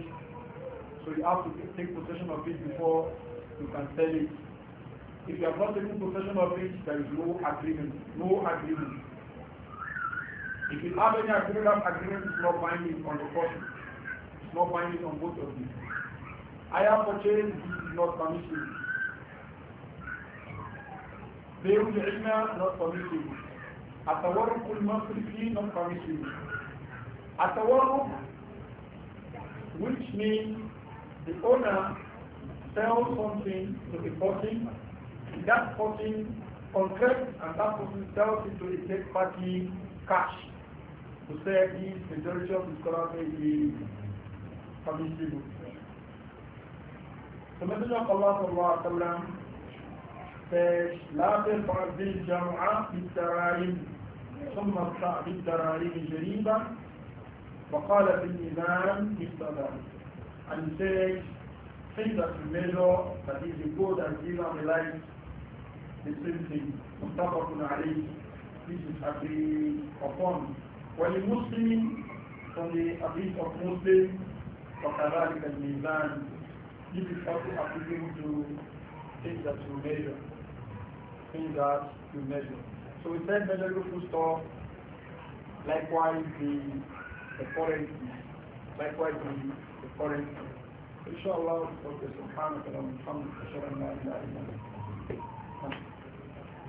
So you have to take possession of it before you can sell it. If you have not taken possession of it, there is no agreement. No agreement. If you have any agreement, agreement is not binding on the person. It's not binding on both of you. I have purchased, this is not permissible. بيرجع لنا not permissible. التورق the فيه not permissible. التورق which means the owner sells something to the person that person contracts and that person sells it to a third party cash. To say this majority of the scholars may be permissible. The Messenger of Allah says, لا ترفع بالجمعة بالدراهم ثم ارفع بالدراهم جريبا وقال في الإمام مثل And he says, things that you measure, that is the good and evil in life, the same thing. متفق عليه. This is agreed upon. ولمسلم from the hadith of Muslim وكذلك الميزان. This is also applicable to things that you measure. Things that you measure. So we said measurable stuff. Likewise the the currency. Likewise the, the currency. إن شاء الله سبحانك اللهم وبحمدك أشهد أن لا إله إلا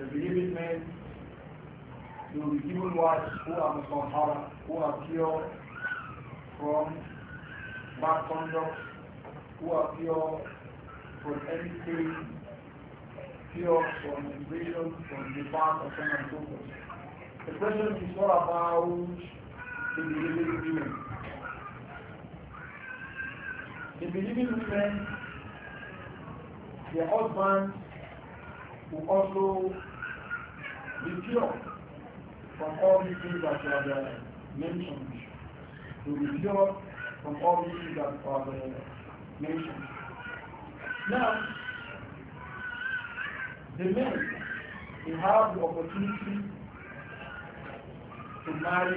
The believing men, will be given wives who are Muslim who are pure from bad conduct, who are pure from anything, pure from invasion, from the part of and so forth. The question is not about the believing women. The believing women, their husbands who also be from all these things that have uh, mentioned. To be pure from all these things that were uh, mentioned. Now, the men, they have the opportunity to marry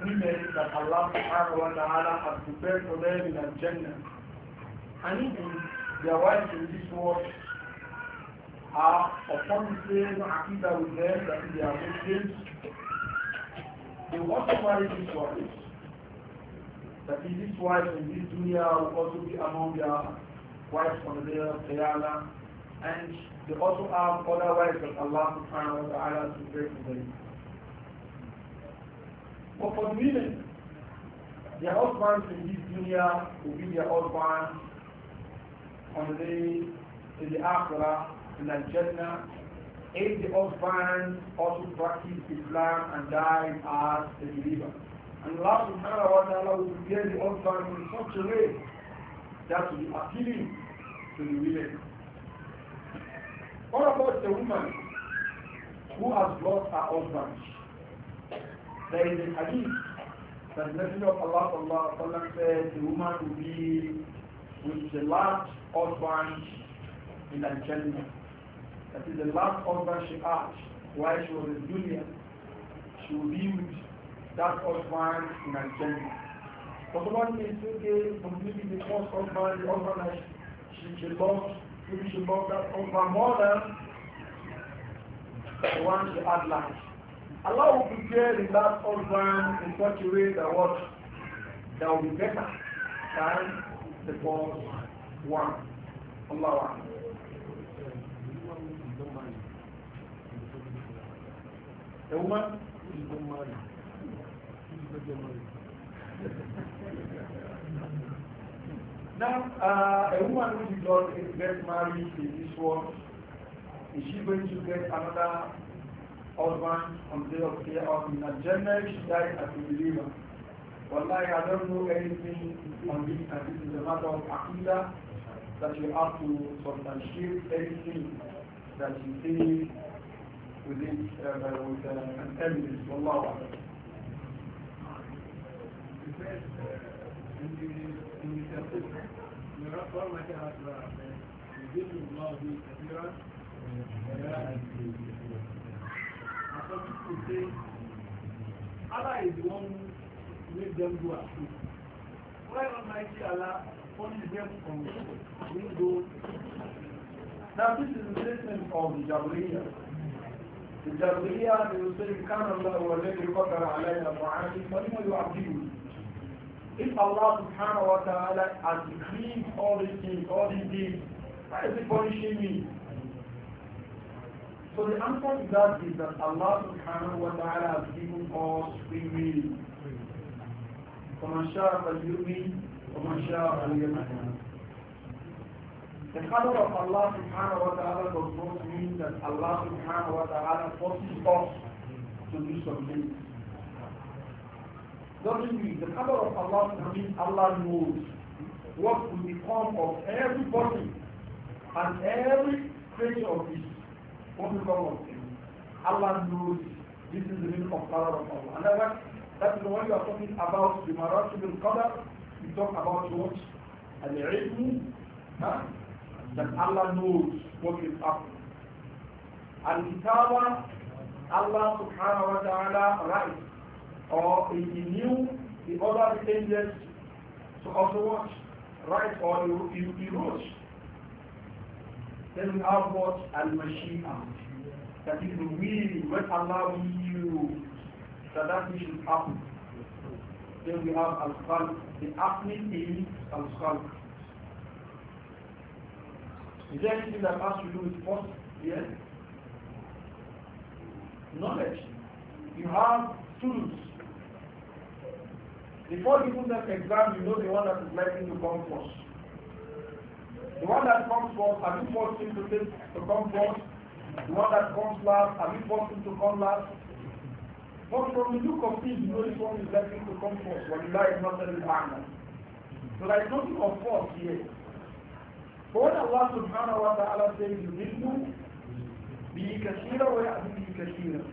women that Allah subhanahu wa ta'ala has prepared for them in Jannah. And even their wives in this world are upon the same Akida with them that they are Muslims, they will also marry these wives. That is, this wife in this dunya will also be among their wives on the day of Qiyamah. And they also have other wives that Allah subhanahu wa ta'ala to pray for them. But for the women, their husbands in this dunya will be their husbands on the day in the Akhirah إلى الجنة if the husband also practice Islam and dies as a believer. And Allah subhanahu wa ta'ala will prepare the husband in such a way that will be appealing to the women. What about the woman who has lost her husband? There is a hadith that the Messenger of Allah sallallahu alayhi wa sallam said the woman will be with the last husband in the Jannah. That is the last husband she had while she was a junior, She will that husband in Algeria. But the one is okay, completely the first husband, the husband that she, she loved, maybe she loved that husband more than the one she had last. Allah will prepare the last husband in such a way that what that will be better than the first one. Allah. ẹ̀wọ́n má Now, uh, a woman who did not get married in this world, is she going to get another husband on the day of the of in Jannah? She died as a believer. Wallahi, I don't know anything on this, and this is a matter of Aqidah that you have to substantiate anything that you see with, it, uh, with uh, an evidence from Allah. Allah is the one who made them do as Why Almighty Allah punished them from window Now this is a statement of the Jabriya. The Jabriya, they will say, كَانَ اللَّهُ وَالَّذِي قَدَرَ عَلَيْنَا طَعَامِي فَلِمَ يُعَبِّدُونَ If Allah subhanahu wa ta'ala has decreed all these things, all these deeds, why is he punishing me? So the answer to that is that Allah subhanahu wa ta'ala has given us free will. فَمَنْ شَاءَ فَلْيُؤْمِنْ وَمَنْ شَاءَ فَلْيَكْفُرْ the color of Allah subhanahu wa ta'ala does not mean that Allah subhanahu wa ta'ala forces us to do something. Doesn't mean the color of Allah means Allah knows what will become of everybody and every creature of this. What will become of them? Allah knows this is the meaning of color of Allah. And that, that's when you are talking about the Maratib al-Qadr, you talk about what? and the huh? that Allah knows what is up. al Kitaba, Allah subhanahu wa ta'ala writes, or he knew the other angels to also watch, write or he, he, wrote. Then we have what? Al-Mashi'a. That is the will, what Allah will you, that that which should happen. Then we have Al-Khalq. The happening is Al-Khalq. Is there anything that has to do with force? yes? Knowledge. You have tools. Before you do that exam, you know the one that is likely to come first. The one that comes first, have you forced him to, take, to come first? The one that comes last, have you forced him to come last? But from the look of things, you know this one is likely to come first. When you die, not that is So there is nothing of force here. فهنا الله سبحانه وتعالى سيذل به كثيرا ويأذي به كثيرا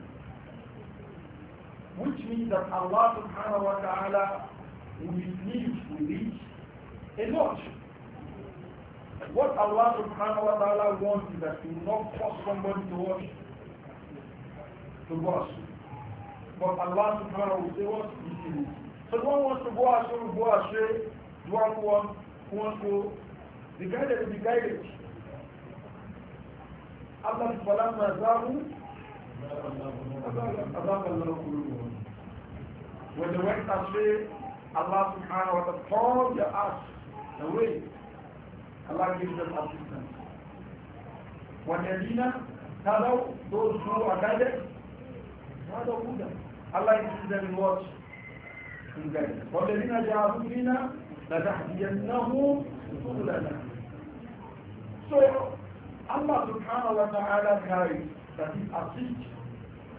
which means that Allah subhanahu wa ta'ala will lead with it a lot. What Allah subhanahu wa ta'ala wants is that you will not force somebody to watch to watch. But Allah subhanahu wa ta'ala will say what? So the one wants to go astray will go astray. The one who who wants to the guided will be guided. Allah فلما زاغوا أزاغ الله قلوبهم. When they went astray, Allah subhanahu wa ta'ala called their ass away. Allah gives them assistance. وَالَّذِينَ تَدَوْا Those who are guided, هذا هدى. Allah gives them what? In guidance. they are بِنَا لَتَهْدِيَنَّهُمْ so Allah subhanahu wa ta'ala guides that is a assist.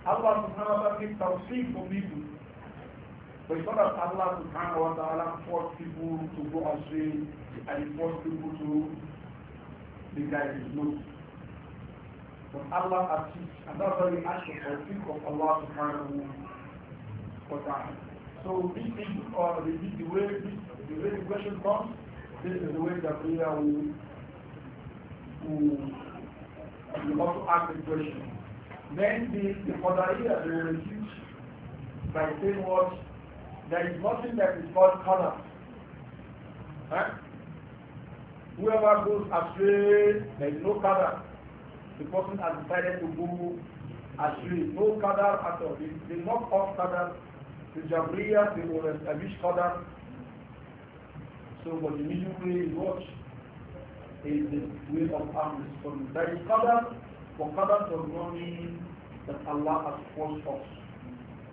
Allah subhanahu wa ta'ala gives tawfiq for people. But it's not that Allah subhanahu wa ta'ala force people to go astray and force people to be guided. No. But Allah assists and that's why we ask for tawfiq of Allah subhanahu wa ta'ala. So this is uh, the, the way this, the way the question comes this is the way that we are We will to ask the question. Then the, the Qadariya, they will refute by saying what? There is nothing that is called color. Huh? Whoever goes astray, there is no color. The person has decided to go astray. No color at all. They, they knock off Qadar. The Jabriya, they will establish color. So, you need to pray is what? Is the way of Ahmed Sunnah. That is Qadar, for Qadar does not mean that Allah has forced us.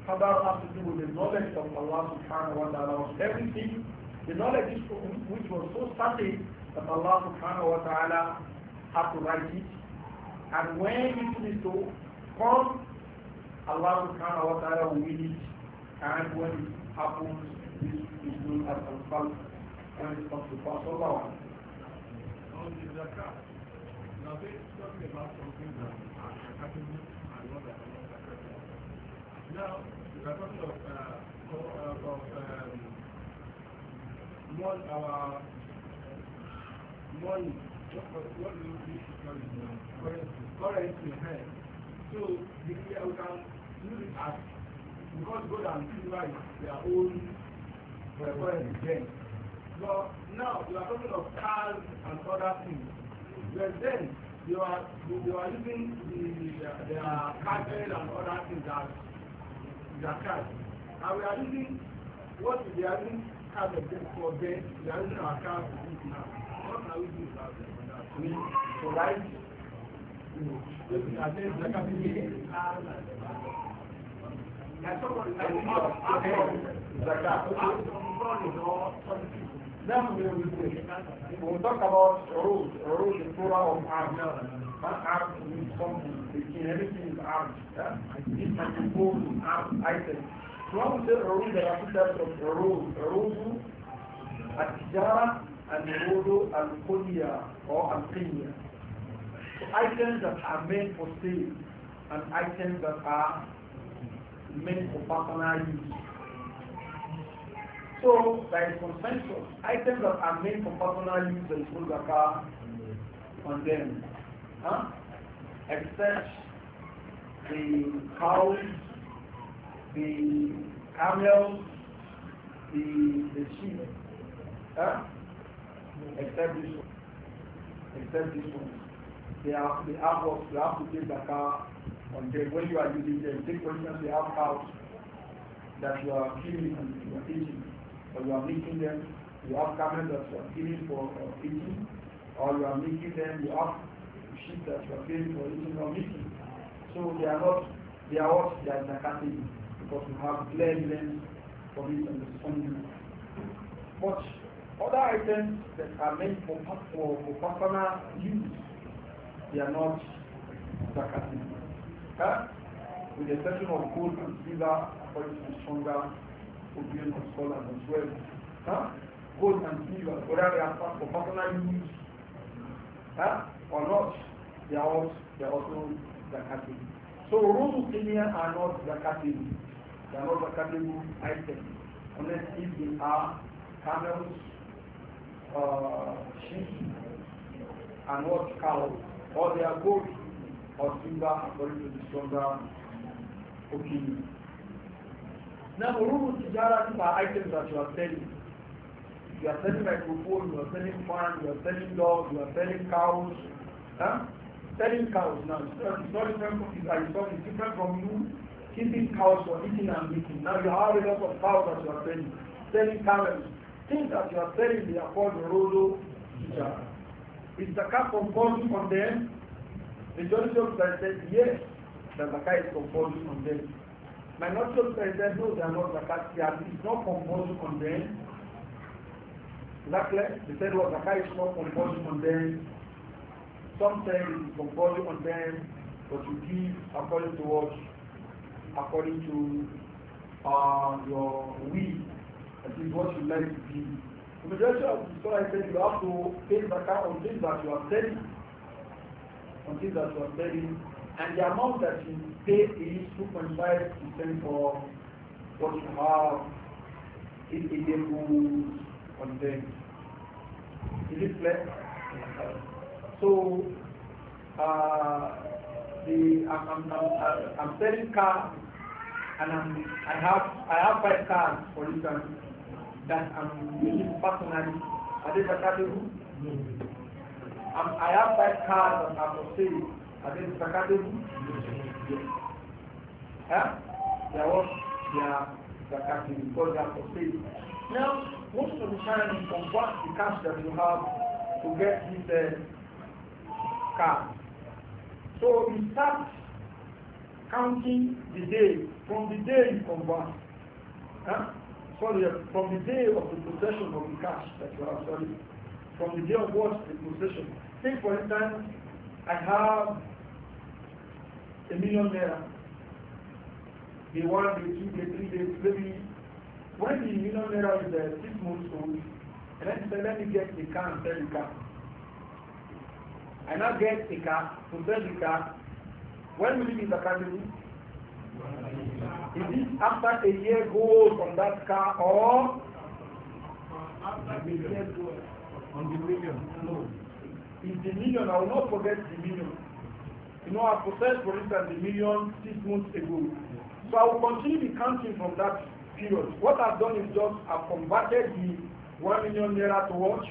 Qadar has to do with the knowledge of Allah subhanahu wa ta'ala of everything. The knowledge is which was so certain that Allah subhanahu wa ta'ala had to write it. And when it is to come, Allah subhanahu wa ta'ala will read it. And when it happens, this is known as al-falq. Because occupy and not that are not academic. Now, we are of, uh, of um, one what, what do you currency? Currency, hey. So, we can use it as, because gold and silver their own currency. But now you are talking of cars and other things. But then you are you are using the the carpet and other things as zakat. And we are using what we are using cars for then we are using our cars to eat now. What are we doing about that? We provide you know, and then zakat like someone like alcohol, zakat, alcohol is all something. Now we will talk about rules, rules is plural of arms. One means something, in is arms. Yeah? This can be both arms, items. So we say rules, and al or al So items that are meant for sale, and items that are meant for personal use. So there is consensus. Items that are made for personal use, there is no car on them. Huh? Except the cows, the camels, the, the sheep. Huh? Except this one. Except this one. They have, the have, You have to take car on them. When you are using them, take for instance, the have house that you are killing and you are eating or you are making them, you have camels that you are feeling for uh, eating, or you are making them, you have sheep that you are feeling for eating or meeting. So they are not, they are what? They are category, because you have clear them for this understanding. But other items that are meant for, for, for personal use, they are not category. Huh? With the exception of gold and silver, according to stronger opium and silver, whether they are for personal use or not, they are also, they are also So rules in are not zakatable. They are not zakatable items unless if they are camels, uh, sheep, and what cows, or they are gold or silver according to the stronger opinion. Now, rubu tijarati are items that you are selling. You are selling microphone, you are selling fans, you are selling dogs, you are selling cows. Huh? Selling cows now. It's not different from, it's different from you keeping cows for eating and eating. Now you have a lot of cows that you are selling, selling camels. Things that you are selling, they are called rodo hijab. Is the car compulsory on them? The Majority of them said yes, the zakah is composed from them. My natural so president knows they are not zakat. It's not compulsory on them. Luckily, the said what well, zakat is not compulsory on them. Sometimes it's compulsory on them, but you give according to what? According to uh, your will. That is what you like to give. The majority of the I said you have to pay zakat on things that you are selling. On things that you are selling and the amount that you pay is 2.5% for what you have in available on them. Is it clear? So, uh, the, I'm, I'm, I'm, I'm selling cars and I'm, I have I have five cars, for instance, that I'm using personally. Are they the category? Um, I have five cars that i for sale now, most of the time you what the cash that you have to get this uh, car. So you start counting the day from the day you convert. Huh? Sorry, from the day of the possession of the cash that you have, sorry, from the day of what the possession. Say for instance, I have a million naira. Day one, day two, day three, days, maybe when the million naira is there, uh, six months old, and then say, let me get the car and sell the car. I now get the car to sell the car. When will it be zakatable? Is it after a year go from that car or after a year go On the million? No. It's the million. I will not forget the million. You know, I possessed, for instance, a million six months ago. So I will continue the counting from that period. What I've done is just I've converted the one million naira to watch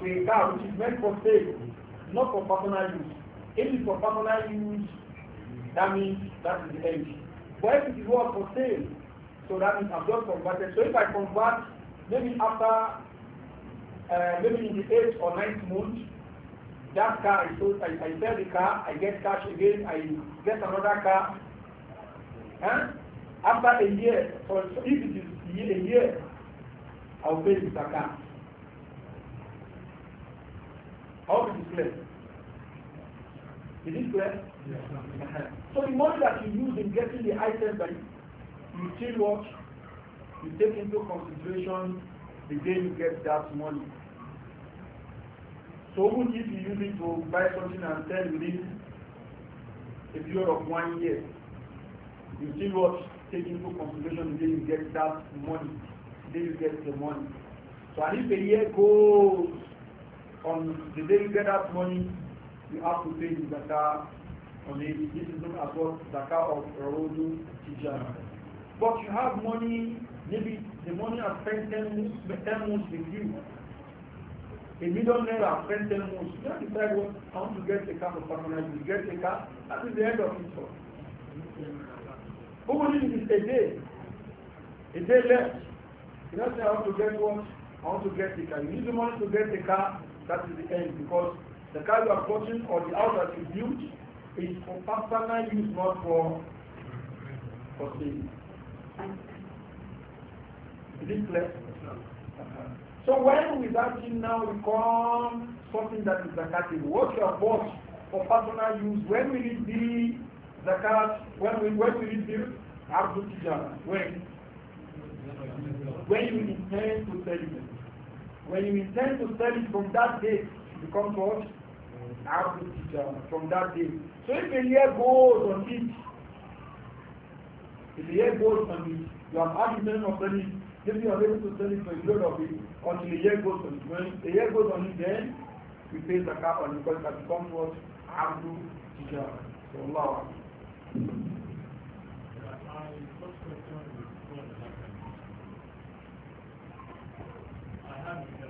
to a car which is meant for sale, not for personal use. If it's for personal use, that means that is the end. But if it is what for sale, so that means I've just converted. So if I convert, maybe after, uh, maybe in the eighth or ninth month, that car I sold, I, I sell the car, I get cash again, I get another car. Huh? After a year, so, so if it is year, a year, I'll pay the account. How is it clear? Is it clear? Yes. *laughs* so the money that you use in getting the items, that you still watch, you take into consideration the day you get that money. So would if you use it to buy something and sell within a period of one year, you still what take into consideration Then you get that money, Then you get the money. So and if a year goes on the day you get that money, you have to pay the zakah on it. This is not as what zakah of Rodu Tijana. But you have money, maybe the money has spent 10 months with you a million naira and spend 10 months, you don't decide what, I want to get a car for permanent, you get a car, that is the end of it all. Even if it's a day, a day left, you don't say I want to get what, I want to get a car. You need the money to get a car, that is the end, because the car you are purchasing or the house that you built is for personal use, not for, for sale. Is it clear? Uh -huh. So when we withholding now becomes something that is zakatil, what you have bought for personal use, when will it be zakat? When will, when will it be absolute When? When you intend to sell it. When you intend to sell it from that date, it becomes what? teacher from that day. So if a year goes on it, if a year goes on it, you have argument of selling If you are able to sell it for a period of it, until a year goes on it, when a year goes on it, then you pay the cap on because that becomes what Abdu Tijara. So Allah. I have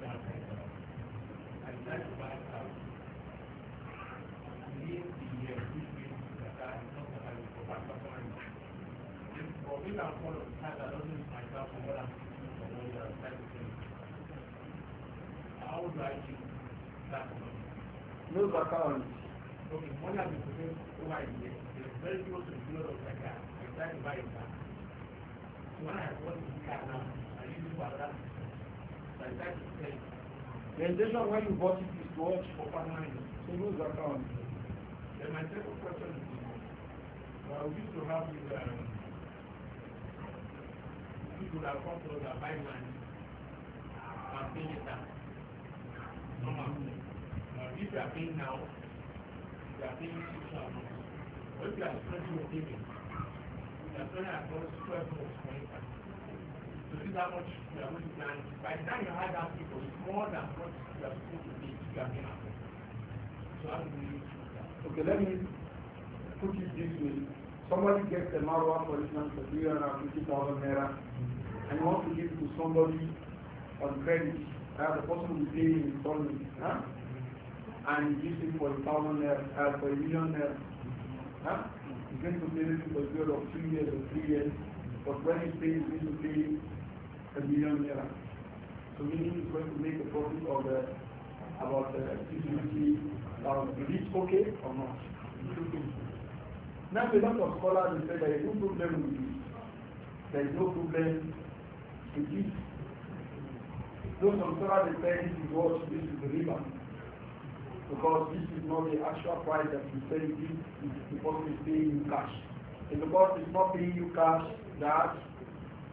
how do I give that money? No zakat Okay, money has been produced over a year. It's very close to the period of zakat. I'm trying to buy a car. So when I bought this car now, I use it for that. So I try to sell The intention when you bought it is to watch for permanent. So no zakat Then my second question is, well, we used to have this, um, people that come to us that buy land uh, if you are paying now, you are paying six thousand. Or if you are spreading your payments, you are paying across twelve months for instance. So this is how much you are going to plan. By the time you have that people, it's more than what you are supposed to pay if you are paying across. So how do you choose Okay, let me put it this way. Somebody gets a Marwa, for instance, for 350,000 naira, and wants to give it to somebody on credit uh, the person will pay in installment, huh? and use it for a thousand, uh, for a million, huh? he's going to pay it for a period of two years or three years, but when he pays, he's going to pay a million naira. So meaning he's going to make a profit of uh, about uh, 50,000. Is it okay or not? Now a lot of scholars say there is no problem with this. There is no problem with this those on sell the say this is this is the river. Because this is not the actual price that you pay this, supposed because it's paying you cash. the because it's not paying you cash that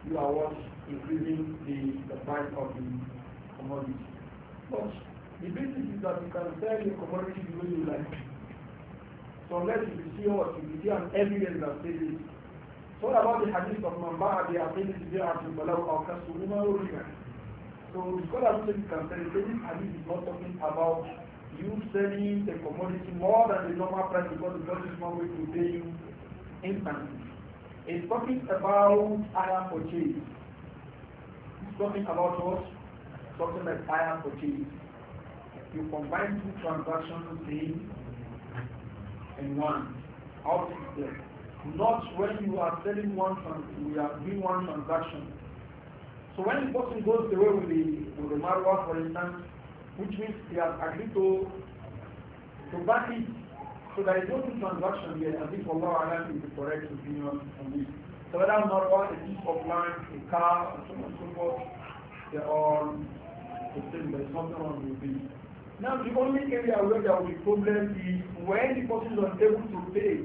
you are what increasing the, the price of the commodity. But the basis is that you can sell your commodity the way you like. So unless you see what you see an evidence that says it. So about the hadith of Mambara, they are saying this is there as you follow our customer so the scholars also can say this hadith is not talking about you selling the commodity more than the normal price because the judge is not going to pay you instantly. It's talking about iron purchase. It's talking about what? Something like iron purchase. You combine two transactions in, one. Out is there. Not when you are selling one, you are doing one transaction so when the person goes away with the, with the marwa, for instance, which means he has agreed to, to back it, so there is no transaction here, as if Allah Alam is the correct opinion on this. So whether marwa, a piece of land, a car, and so on and so forth, they are the same. There is nothing wrong with this. Now the only area where there will be problem is when the person is unable to pay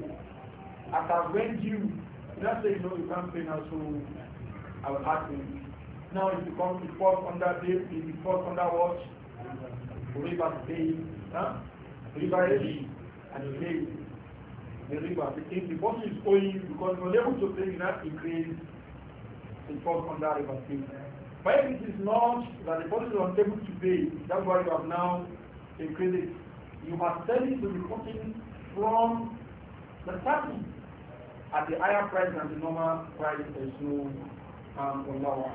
at a rent you, Let's say, no, you can't pay now, so I will ask him. Now it becomes it falls under this, it falls under what? River pay. Huh? River pay and pay. The river. If the water is owing because you're able to pay that increase, it falls under river pay. But if it is not that the person is unable to pay, that's why you have now increased it. You must sell it to the person from the starting at the higher price than the normal price. There's no um, Allah.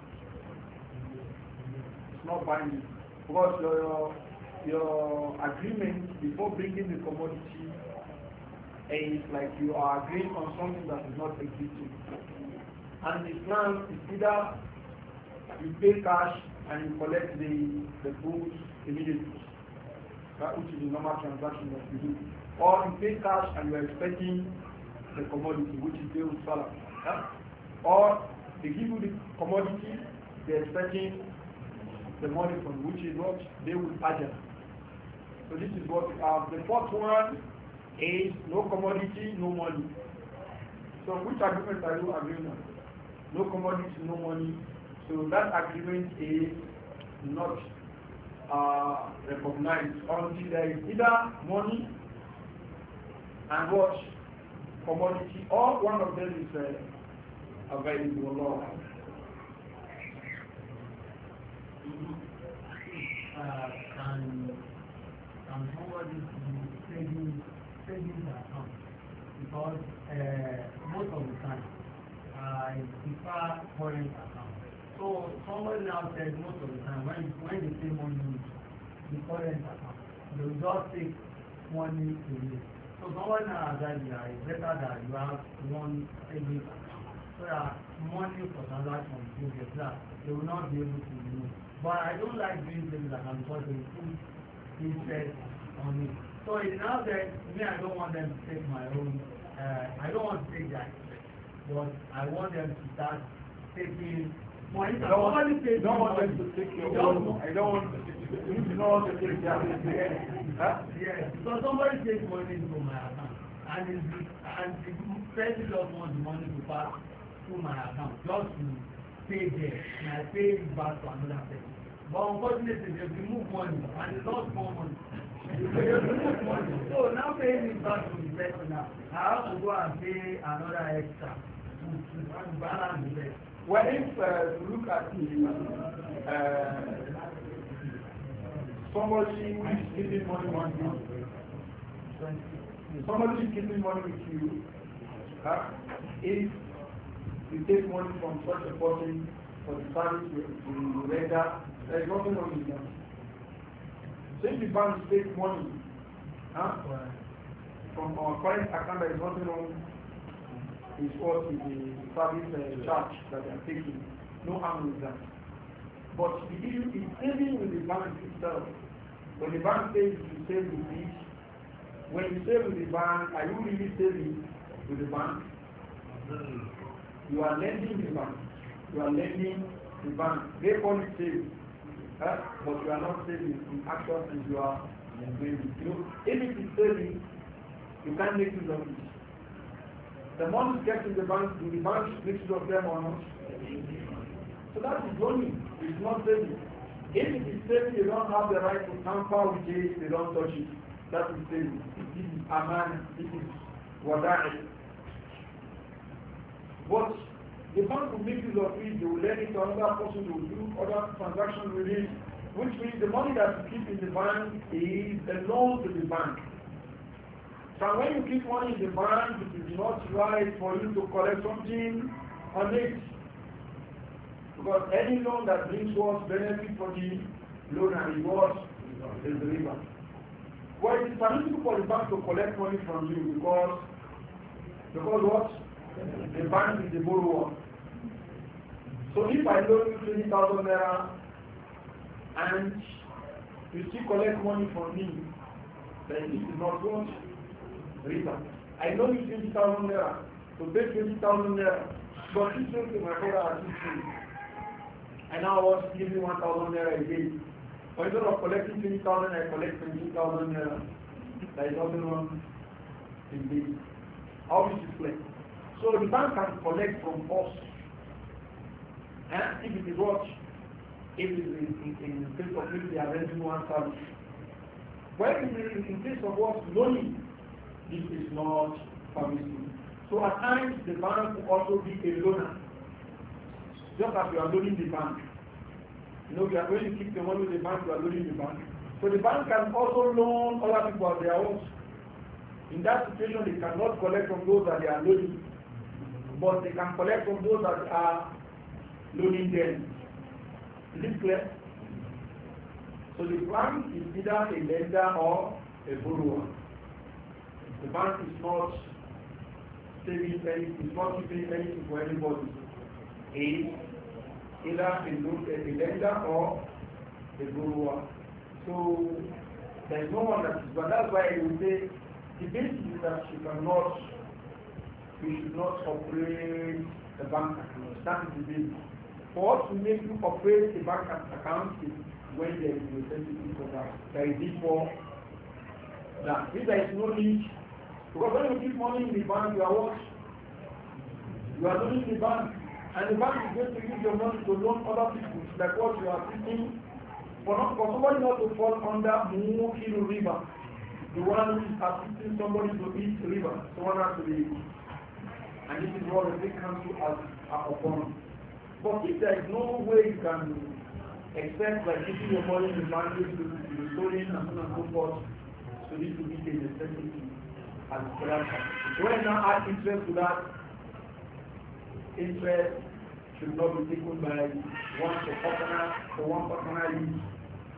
it's not binding. Because your, your agreement before bringing the commodity is like you are agreeing on something that is not existing. And in Islam, is either you pay cash and you collect the, the goods immediately, which is the normal transaction that you do. Or you pay cash and you are expecting the commodity, which is the salam. Or they give you the commodity, they're expecting the money from which is what they will adjust. So this is what uh, The fourth one is no commodity, no money. So which agreement are you agreeing on? No commodity, no money. So that agreement is not uh, recognized until there is either money and what commodity or one of them is uh, available. can can somebody do savings savings account because uh, most of the time I prefer current account. So somebody now says most of the time when when they say money the current account they will just take money to me. So someone now has idea it's better that you have one savings account so that money for transaction will get that they will not be able to remove. But I don't like doing things that I'm causing food interest on me. So it's now that me, I don't want them to take my own, uh, I don't want to take that but I want them to start taking well, I don't want them to take your own. I don't want you know to take their huh? Yes. So somebody takes money from my account and is and the person just wants the money to pass through my account just to stay there and I pay him back to another person. But unfortunately, they remove money and they lost more money. they remove money. So now paying it back to the person now, I have to go and pay another extra to balance the rest. Well, if uh, you look at it, uh, somebody who is giving money one you, somebody is giving money with you, uh, if. We take money from such a person for the service you, you render, there is nothing wrong with that. So if the bank takes money huh, from our current account, there is nothing wrong with what is the service uh, charge that they are taking. No harm with that. But the issue is saving with the bank itself. When the bank says you save with this, when you save with the bank, are you really saving with the bank? Mm -hmm. You are lending the bank. You are lending the bank. They call it saving. But you are not saving in action and you are lending. You know, if it is saving, you can't make use of it. The money gets in the bank, do the bank make use of them or not? So that is only, it's not saving. If it is saving, you don't have the right to tamper with it, they don't touch it. That is saving. This is aman, this is wada'i. But the bank will make use of it, they will lend it to another person, they will do other transactions with it, which means the money that you keep in the bank is a loan to the bank. So when you keep money in the bank, it is not right for you to collect something on it. Because any loan that brings worth benefit for the loan and reward is delivered. river. Well, it is permissible for the bank to collect money from you because, because what? The bank is the borrower. So if I loan you 20,000 naira and you still collect money from me, then this is not what? Rita. I loan you 20,000 naira. So pay 20,000 naira. But you say to my brother at and now I was giving 1,000 naira a day. So instead of collecting 20,000, I collect 20,000 naira. That is not the one in this. How is it played? So the bank can collect from us. And eh, if it is what? If it is in, in, in case of if they are renting one service. But in, in case of what? Loaning, this is not permissible. So at times the bank will also be a loaner. Just as you are loaning the bank. You know, you are going to keep the money in the bank, you are loaning the bank. So the bank can also loan other people as their own. In that situation, they cannot collect from those that they are loaning but they can collect from those that are loaning them. Is it clear? So the bank is either a lender or a borrower. The bank is not saving anything, is not keeping anything for anybody. It's either a, loan, a lender or a borrower. So there is no one that is, but that's why I would say the basis is that you cannot We should not operate a bank account. That is the basis. For us to make you operate a bank account is when there is necessity for that. There is need that. If there is no need, because when you keep money in the bank, you are what? You are doing the bank. And the bank is going to use your money to loan other people, like what you are seeking. For, not, for somebody not to fall under Mukil river, the one who is assisting somebody to eat river, someone has to be And this is what the big council has upon. But if there is no way you can expect like giving your money in the market to be stolen and so on and so forth, so this will be a necessity as collateral. When now add interest to that, interest should not be taken by one to partner, for one partner use,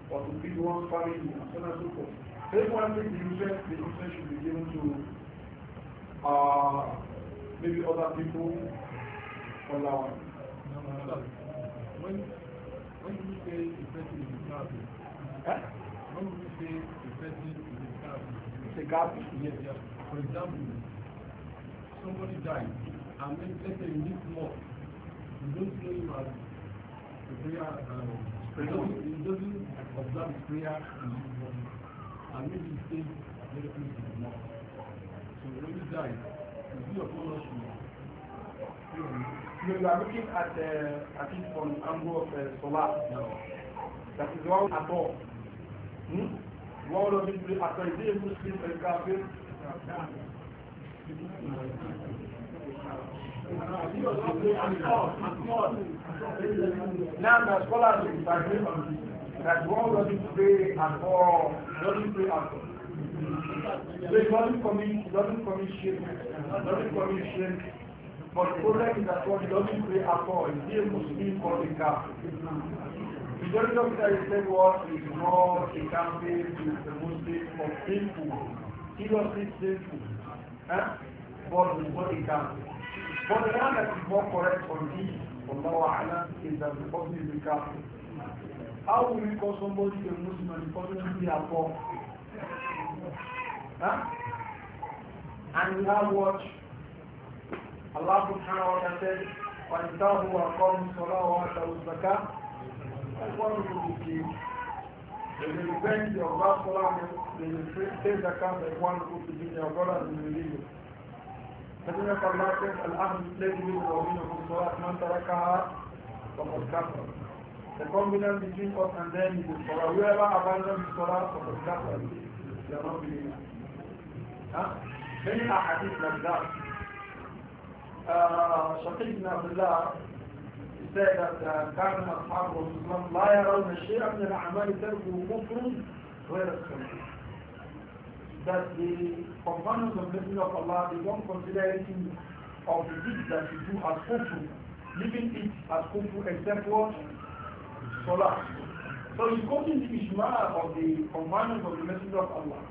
or to feed one's family, and so on and so forth. So if one takes the interest, the interest should be given to uh, maybe other people for that one. When, when you say the person is a Catholic, when you say the person is a Catholic, it's a garbage yes. Yeah. For example, somebody died, and then let's say you need more, you don't know him as the prayer, um, you don't, you observe his prayer and his body, and maybe he stays very close to the mouth. So when you die, You are looking at, uh, at it from angle of uh, solar. No. That is one at all. Hmm? One of it will authorize a Muslim and Kafir. Now the scholars agree on this that one doesn't pray at all, doesn't pray at all. So it doesn't commit, doesn't commit doesn't commit shirk. But the problem is that one doesn't pray at all. Is Muslim or The majority of the Islamic is not a Catholic, is Muslim, or sinful. Seriously sinful. Eh? But it's not a Catholic. But the one that is more correct for this, from Allah is that the person is a How will you call somebody a Muslim and the person is a Catholic? Huh? And we have what? Allah subhanahu wa ta'ala said, وَإِنْتَهُ وَقَوْمُ صَلَاهُ وَأَتَوُ الزَّكَاةِ That's one of the things. They will repent your last salah, they will the account that one who to give your brother and will leave you. فَإِنَّكَ اللَّهُ says, الْأَهْلُ الَّذِي يُرَوِينَهُمْ صَلَاةً مَنْ تَرَكَهَا فَقَدْ كَفَرَ The combination between us and them is the salah. Whoever abandons the salah, فَقَدْ كَفَرَ ها؟ من أحاديث مجدار شقيق بن عبد الله كان أصحاب الرسول الله لا يرون شيئا من الأعمال تركه كفر غير السنة that the companions of the Messenger of Allah, they don't consider anything of the deeds that you do as kufu, leaving it as kufu except what? Salah. So he quoting the Ijma of the commandments of the Messenger of Allah.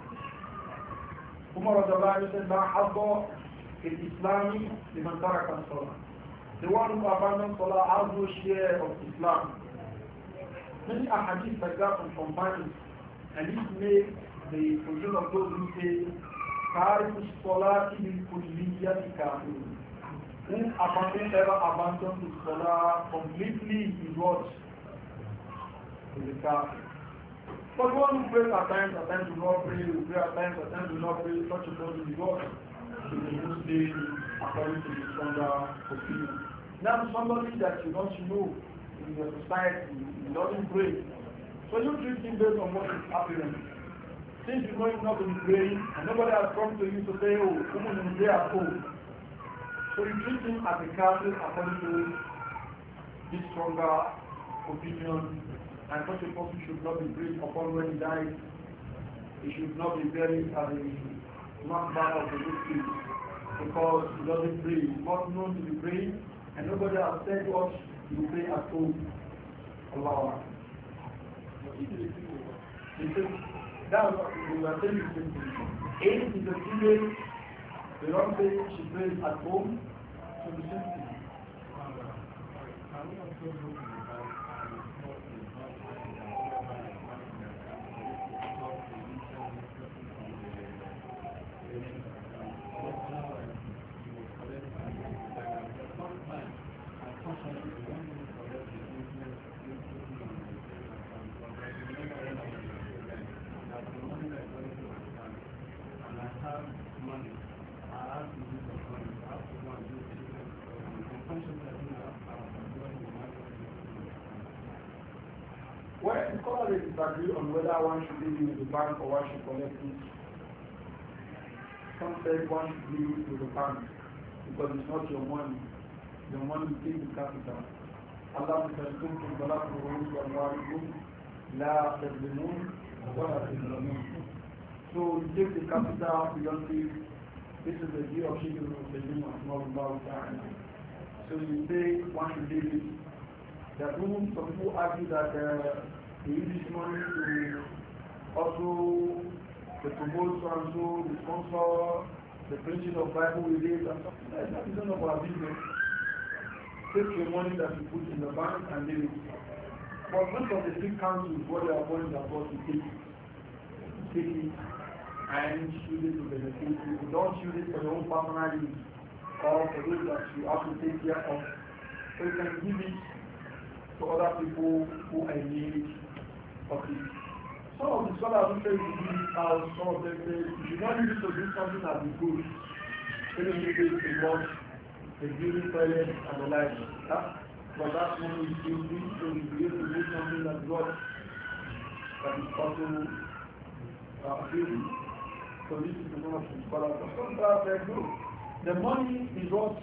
Umar said, La hazza in Islami liman taraka salah. The one who abandoned salah has no share of Islam. Many ahadith like that from companions, and this makes the position of those who say, تارك الصلاة من كلية كافر. Who abandoned ever abandoned the salah completely is what? in the car. But one who prays at times, at times do not pray, We pray at times, at times do not pray, such a person is God. He is Muslim according to the stronger opinion. Now somebody that you don't know in your society, he doesn't pray. So you treat him based on what is happening. Since you know he's not been praying, and nobody has come to you to say, oh, come on, pray at home. So you treat him as a castle according to this stronger opinion and such a person should not be placed upon when he dies. He should not be buried as a maqbar of the victim because he doesn't pray. He's not known to be praying and nobody has said to us you pray at home. Allah. He said, that's what we were saying is simple. Eight is a female, the wrong thing she prays at home, so the same thing. disagree on whether one should leave it with the bank or one should collect it. Some say one should leave it with the bank because it's not your money. Your money is in the capital. Allah says, كنتم طلبتم رؤوس أموالكم لا تظلمون ولا تظلمون. So you take the capital, you don't leave. This is the view of Sheikh Ibn Sayyidina Rahmahullah Ta'ala. So you say one should leave it. There are some people argue that uh, he this money to also to promote and so, the sponsor, the printing of Bible with it, and something like that. It's none our business. Take the money that you put in the bank and leave it. But most of the three councils, what they are going their boss to take it. Take it and use it to benefit you. Don't use it for your own personal use or for those that you have to take care of. So you can give it to other people who are in need Okay. Some of the scholars who say you need out, some of them say you should not use to do something that is good. Even if it is what the giving toilet and the like. Huh? But that's when you still need to be able to do something that God that is also uh, appealing. So this is one of the scholars. But some scholars say no. The money is what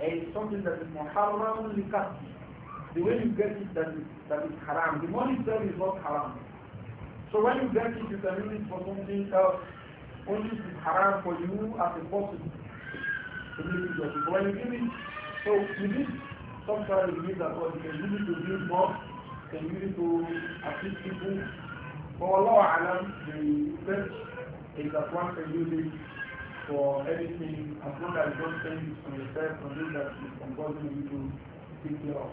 is eh, something that is more harmful than the Likati the way you get it that is, that is haram. The money itself is not haram. So when you get it, you can use it for something else. Only it is haram for you as a person to use it. But when you give it, so you need sometimes you need that what you can use it to build more, you can use it to assist people. For Allah Alam, the best is that one can use it for anything as long as you don't spend it on yourself and do that is compulsory you to take care of.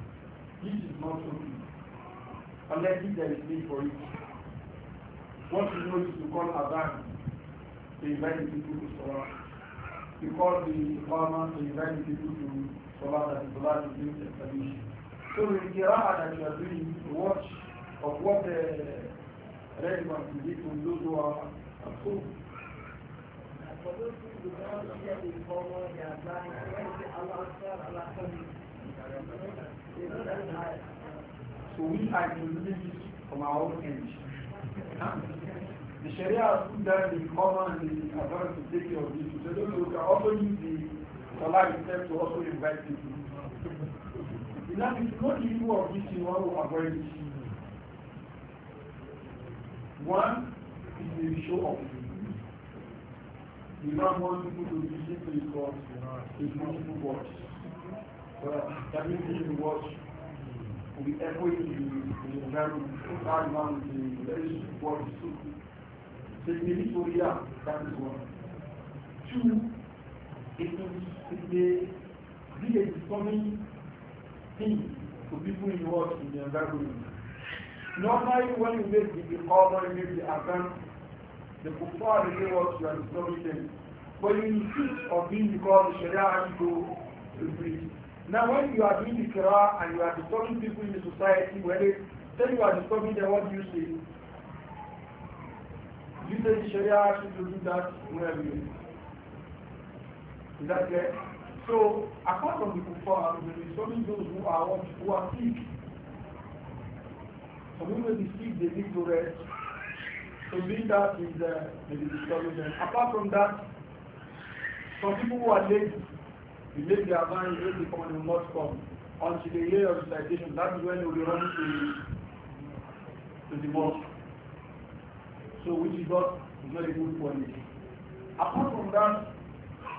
This is not okay. Unless there is need for it. What you know is to call Adhan to invite people to Salah. You call the Iqama to invite people to Salah that is Salah is being established. So the Qira'ah that you are doing, the watch of what the relevant is it to those who are at home. For those who do not hear the formal, they are blind. When they say Allah, Allah, Allah, so we are to limit from our own end. The Sharia has put that in common and in advance to take care of this. So don't look, I also use the Salah itself to also invite people. You know, it's not evil of this you want to avoid it. One is the show off. You don't want people to listen to the God, his multiple words that means we watch. We echo it in the environment, Our Imam is the very word is true. So you need to read out. That is one. Two, it is it may be a disturbing thing for people in the world in the environment. Normally when you make the Iqama, you make the Adhan, the Kuffar will watch what you are disturbing them. But you insist on being because the Sharia has to refrain. Now, when you are doing the Quran and you are disturbing people in the society, when they tell you are disturbing them, what do you say? You say the Sharia should do that wherever you Is that clear? So, apart from the kuffar, we are disturbing those who are, who are sick. Some people be sick, they need to rest. So doing that is uh, maybe disturbing them. Apart from that, some people who are lazy, You make their van, you make the common, will not come. Until the year of citation, that is when they will be running to, to the mosque. So which is not, is not a good quality. Apart from that,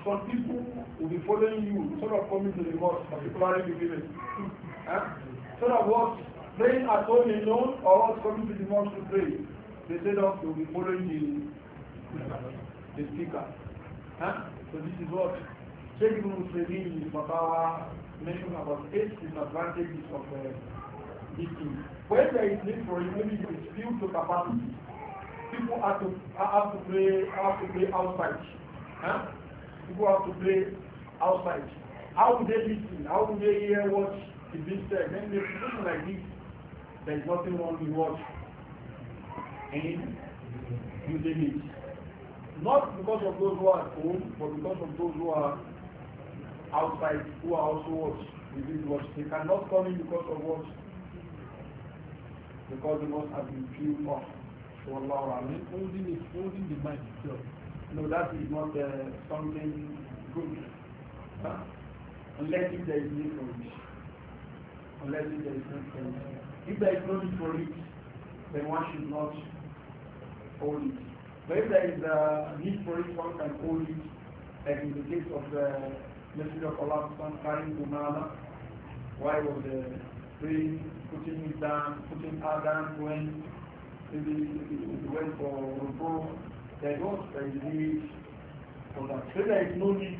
some people will be following you, sort of coming to the mosque, particularly the women. Eh? Sort of what? Praying at home alone or what coming to the mosque to pray. They say that oh, they will be following the, the speaker. Eh? So this is what Sheikh Ibn Sirri Babawa mentioned about eight disadvantages of uh, this thing. Where there is need for it, maybe it is filled to capacity. People have to have to play have to play outside. Huh? People have to play outside. How would they listen? How would they hear what is being said? When they something like this, there is nothing wrong with what in using it. Not because of those who are at home, but because of those who are outside who are also what? Within what? They cannot come in because of what? Because the must have been peeled off. So Allah Amin. Holding it, holding the mind itself. No, that is not uh, something good. Huh? Unless if there is need for it. Unless if there is need for it. If there is no need for it, then one should not hold it. But if there is a uh, need for it, one can hold it, like in the case of the uh, Messenger of Allah carrying Umama why was the praying, putting him down, putting her down when he went for Rubu. There was a need for that. So there is no need.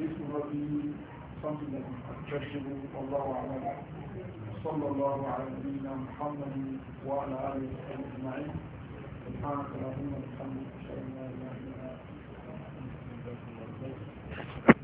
This will not be something that is objectionable. Allah Allah. صلى الله على نبينا محمد وعلى اله وصحبه اجمعين سبحانك اللهم وبحمدك اشهد ان لا اله الا انت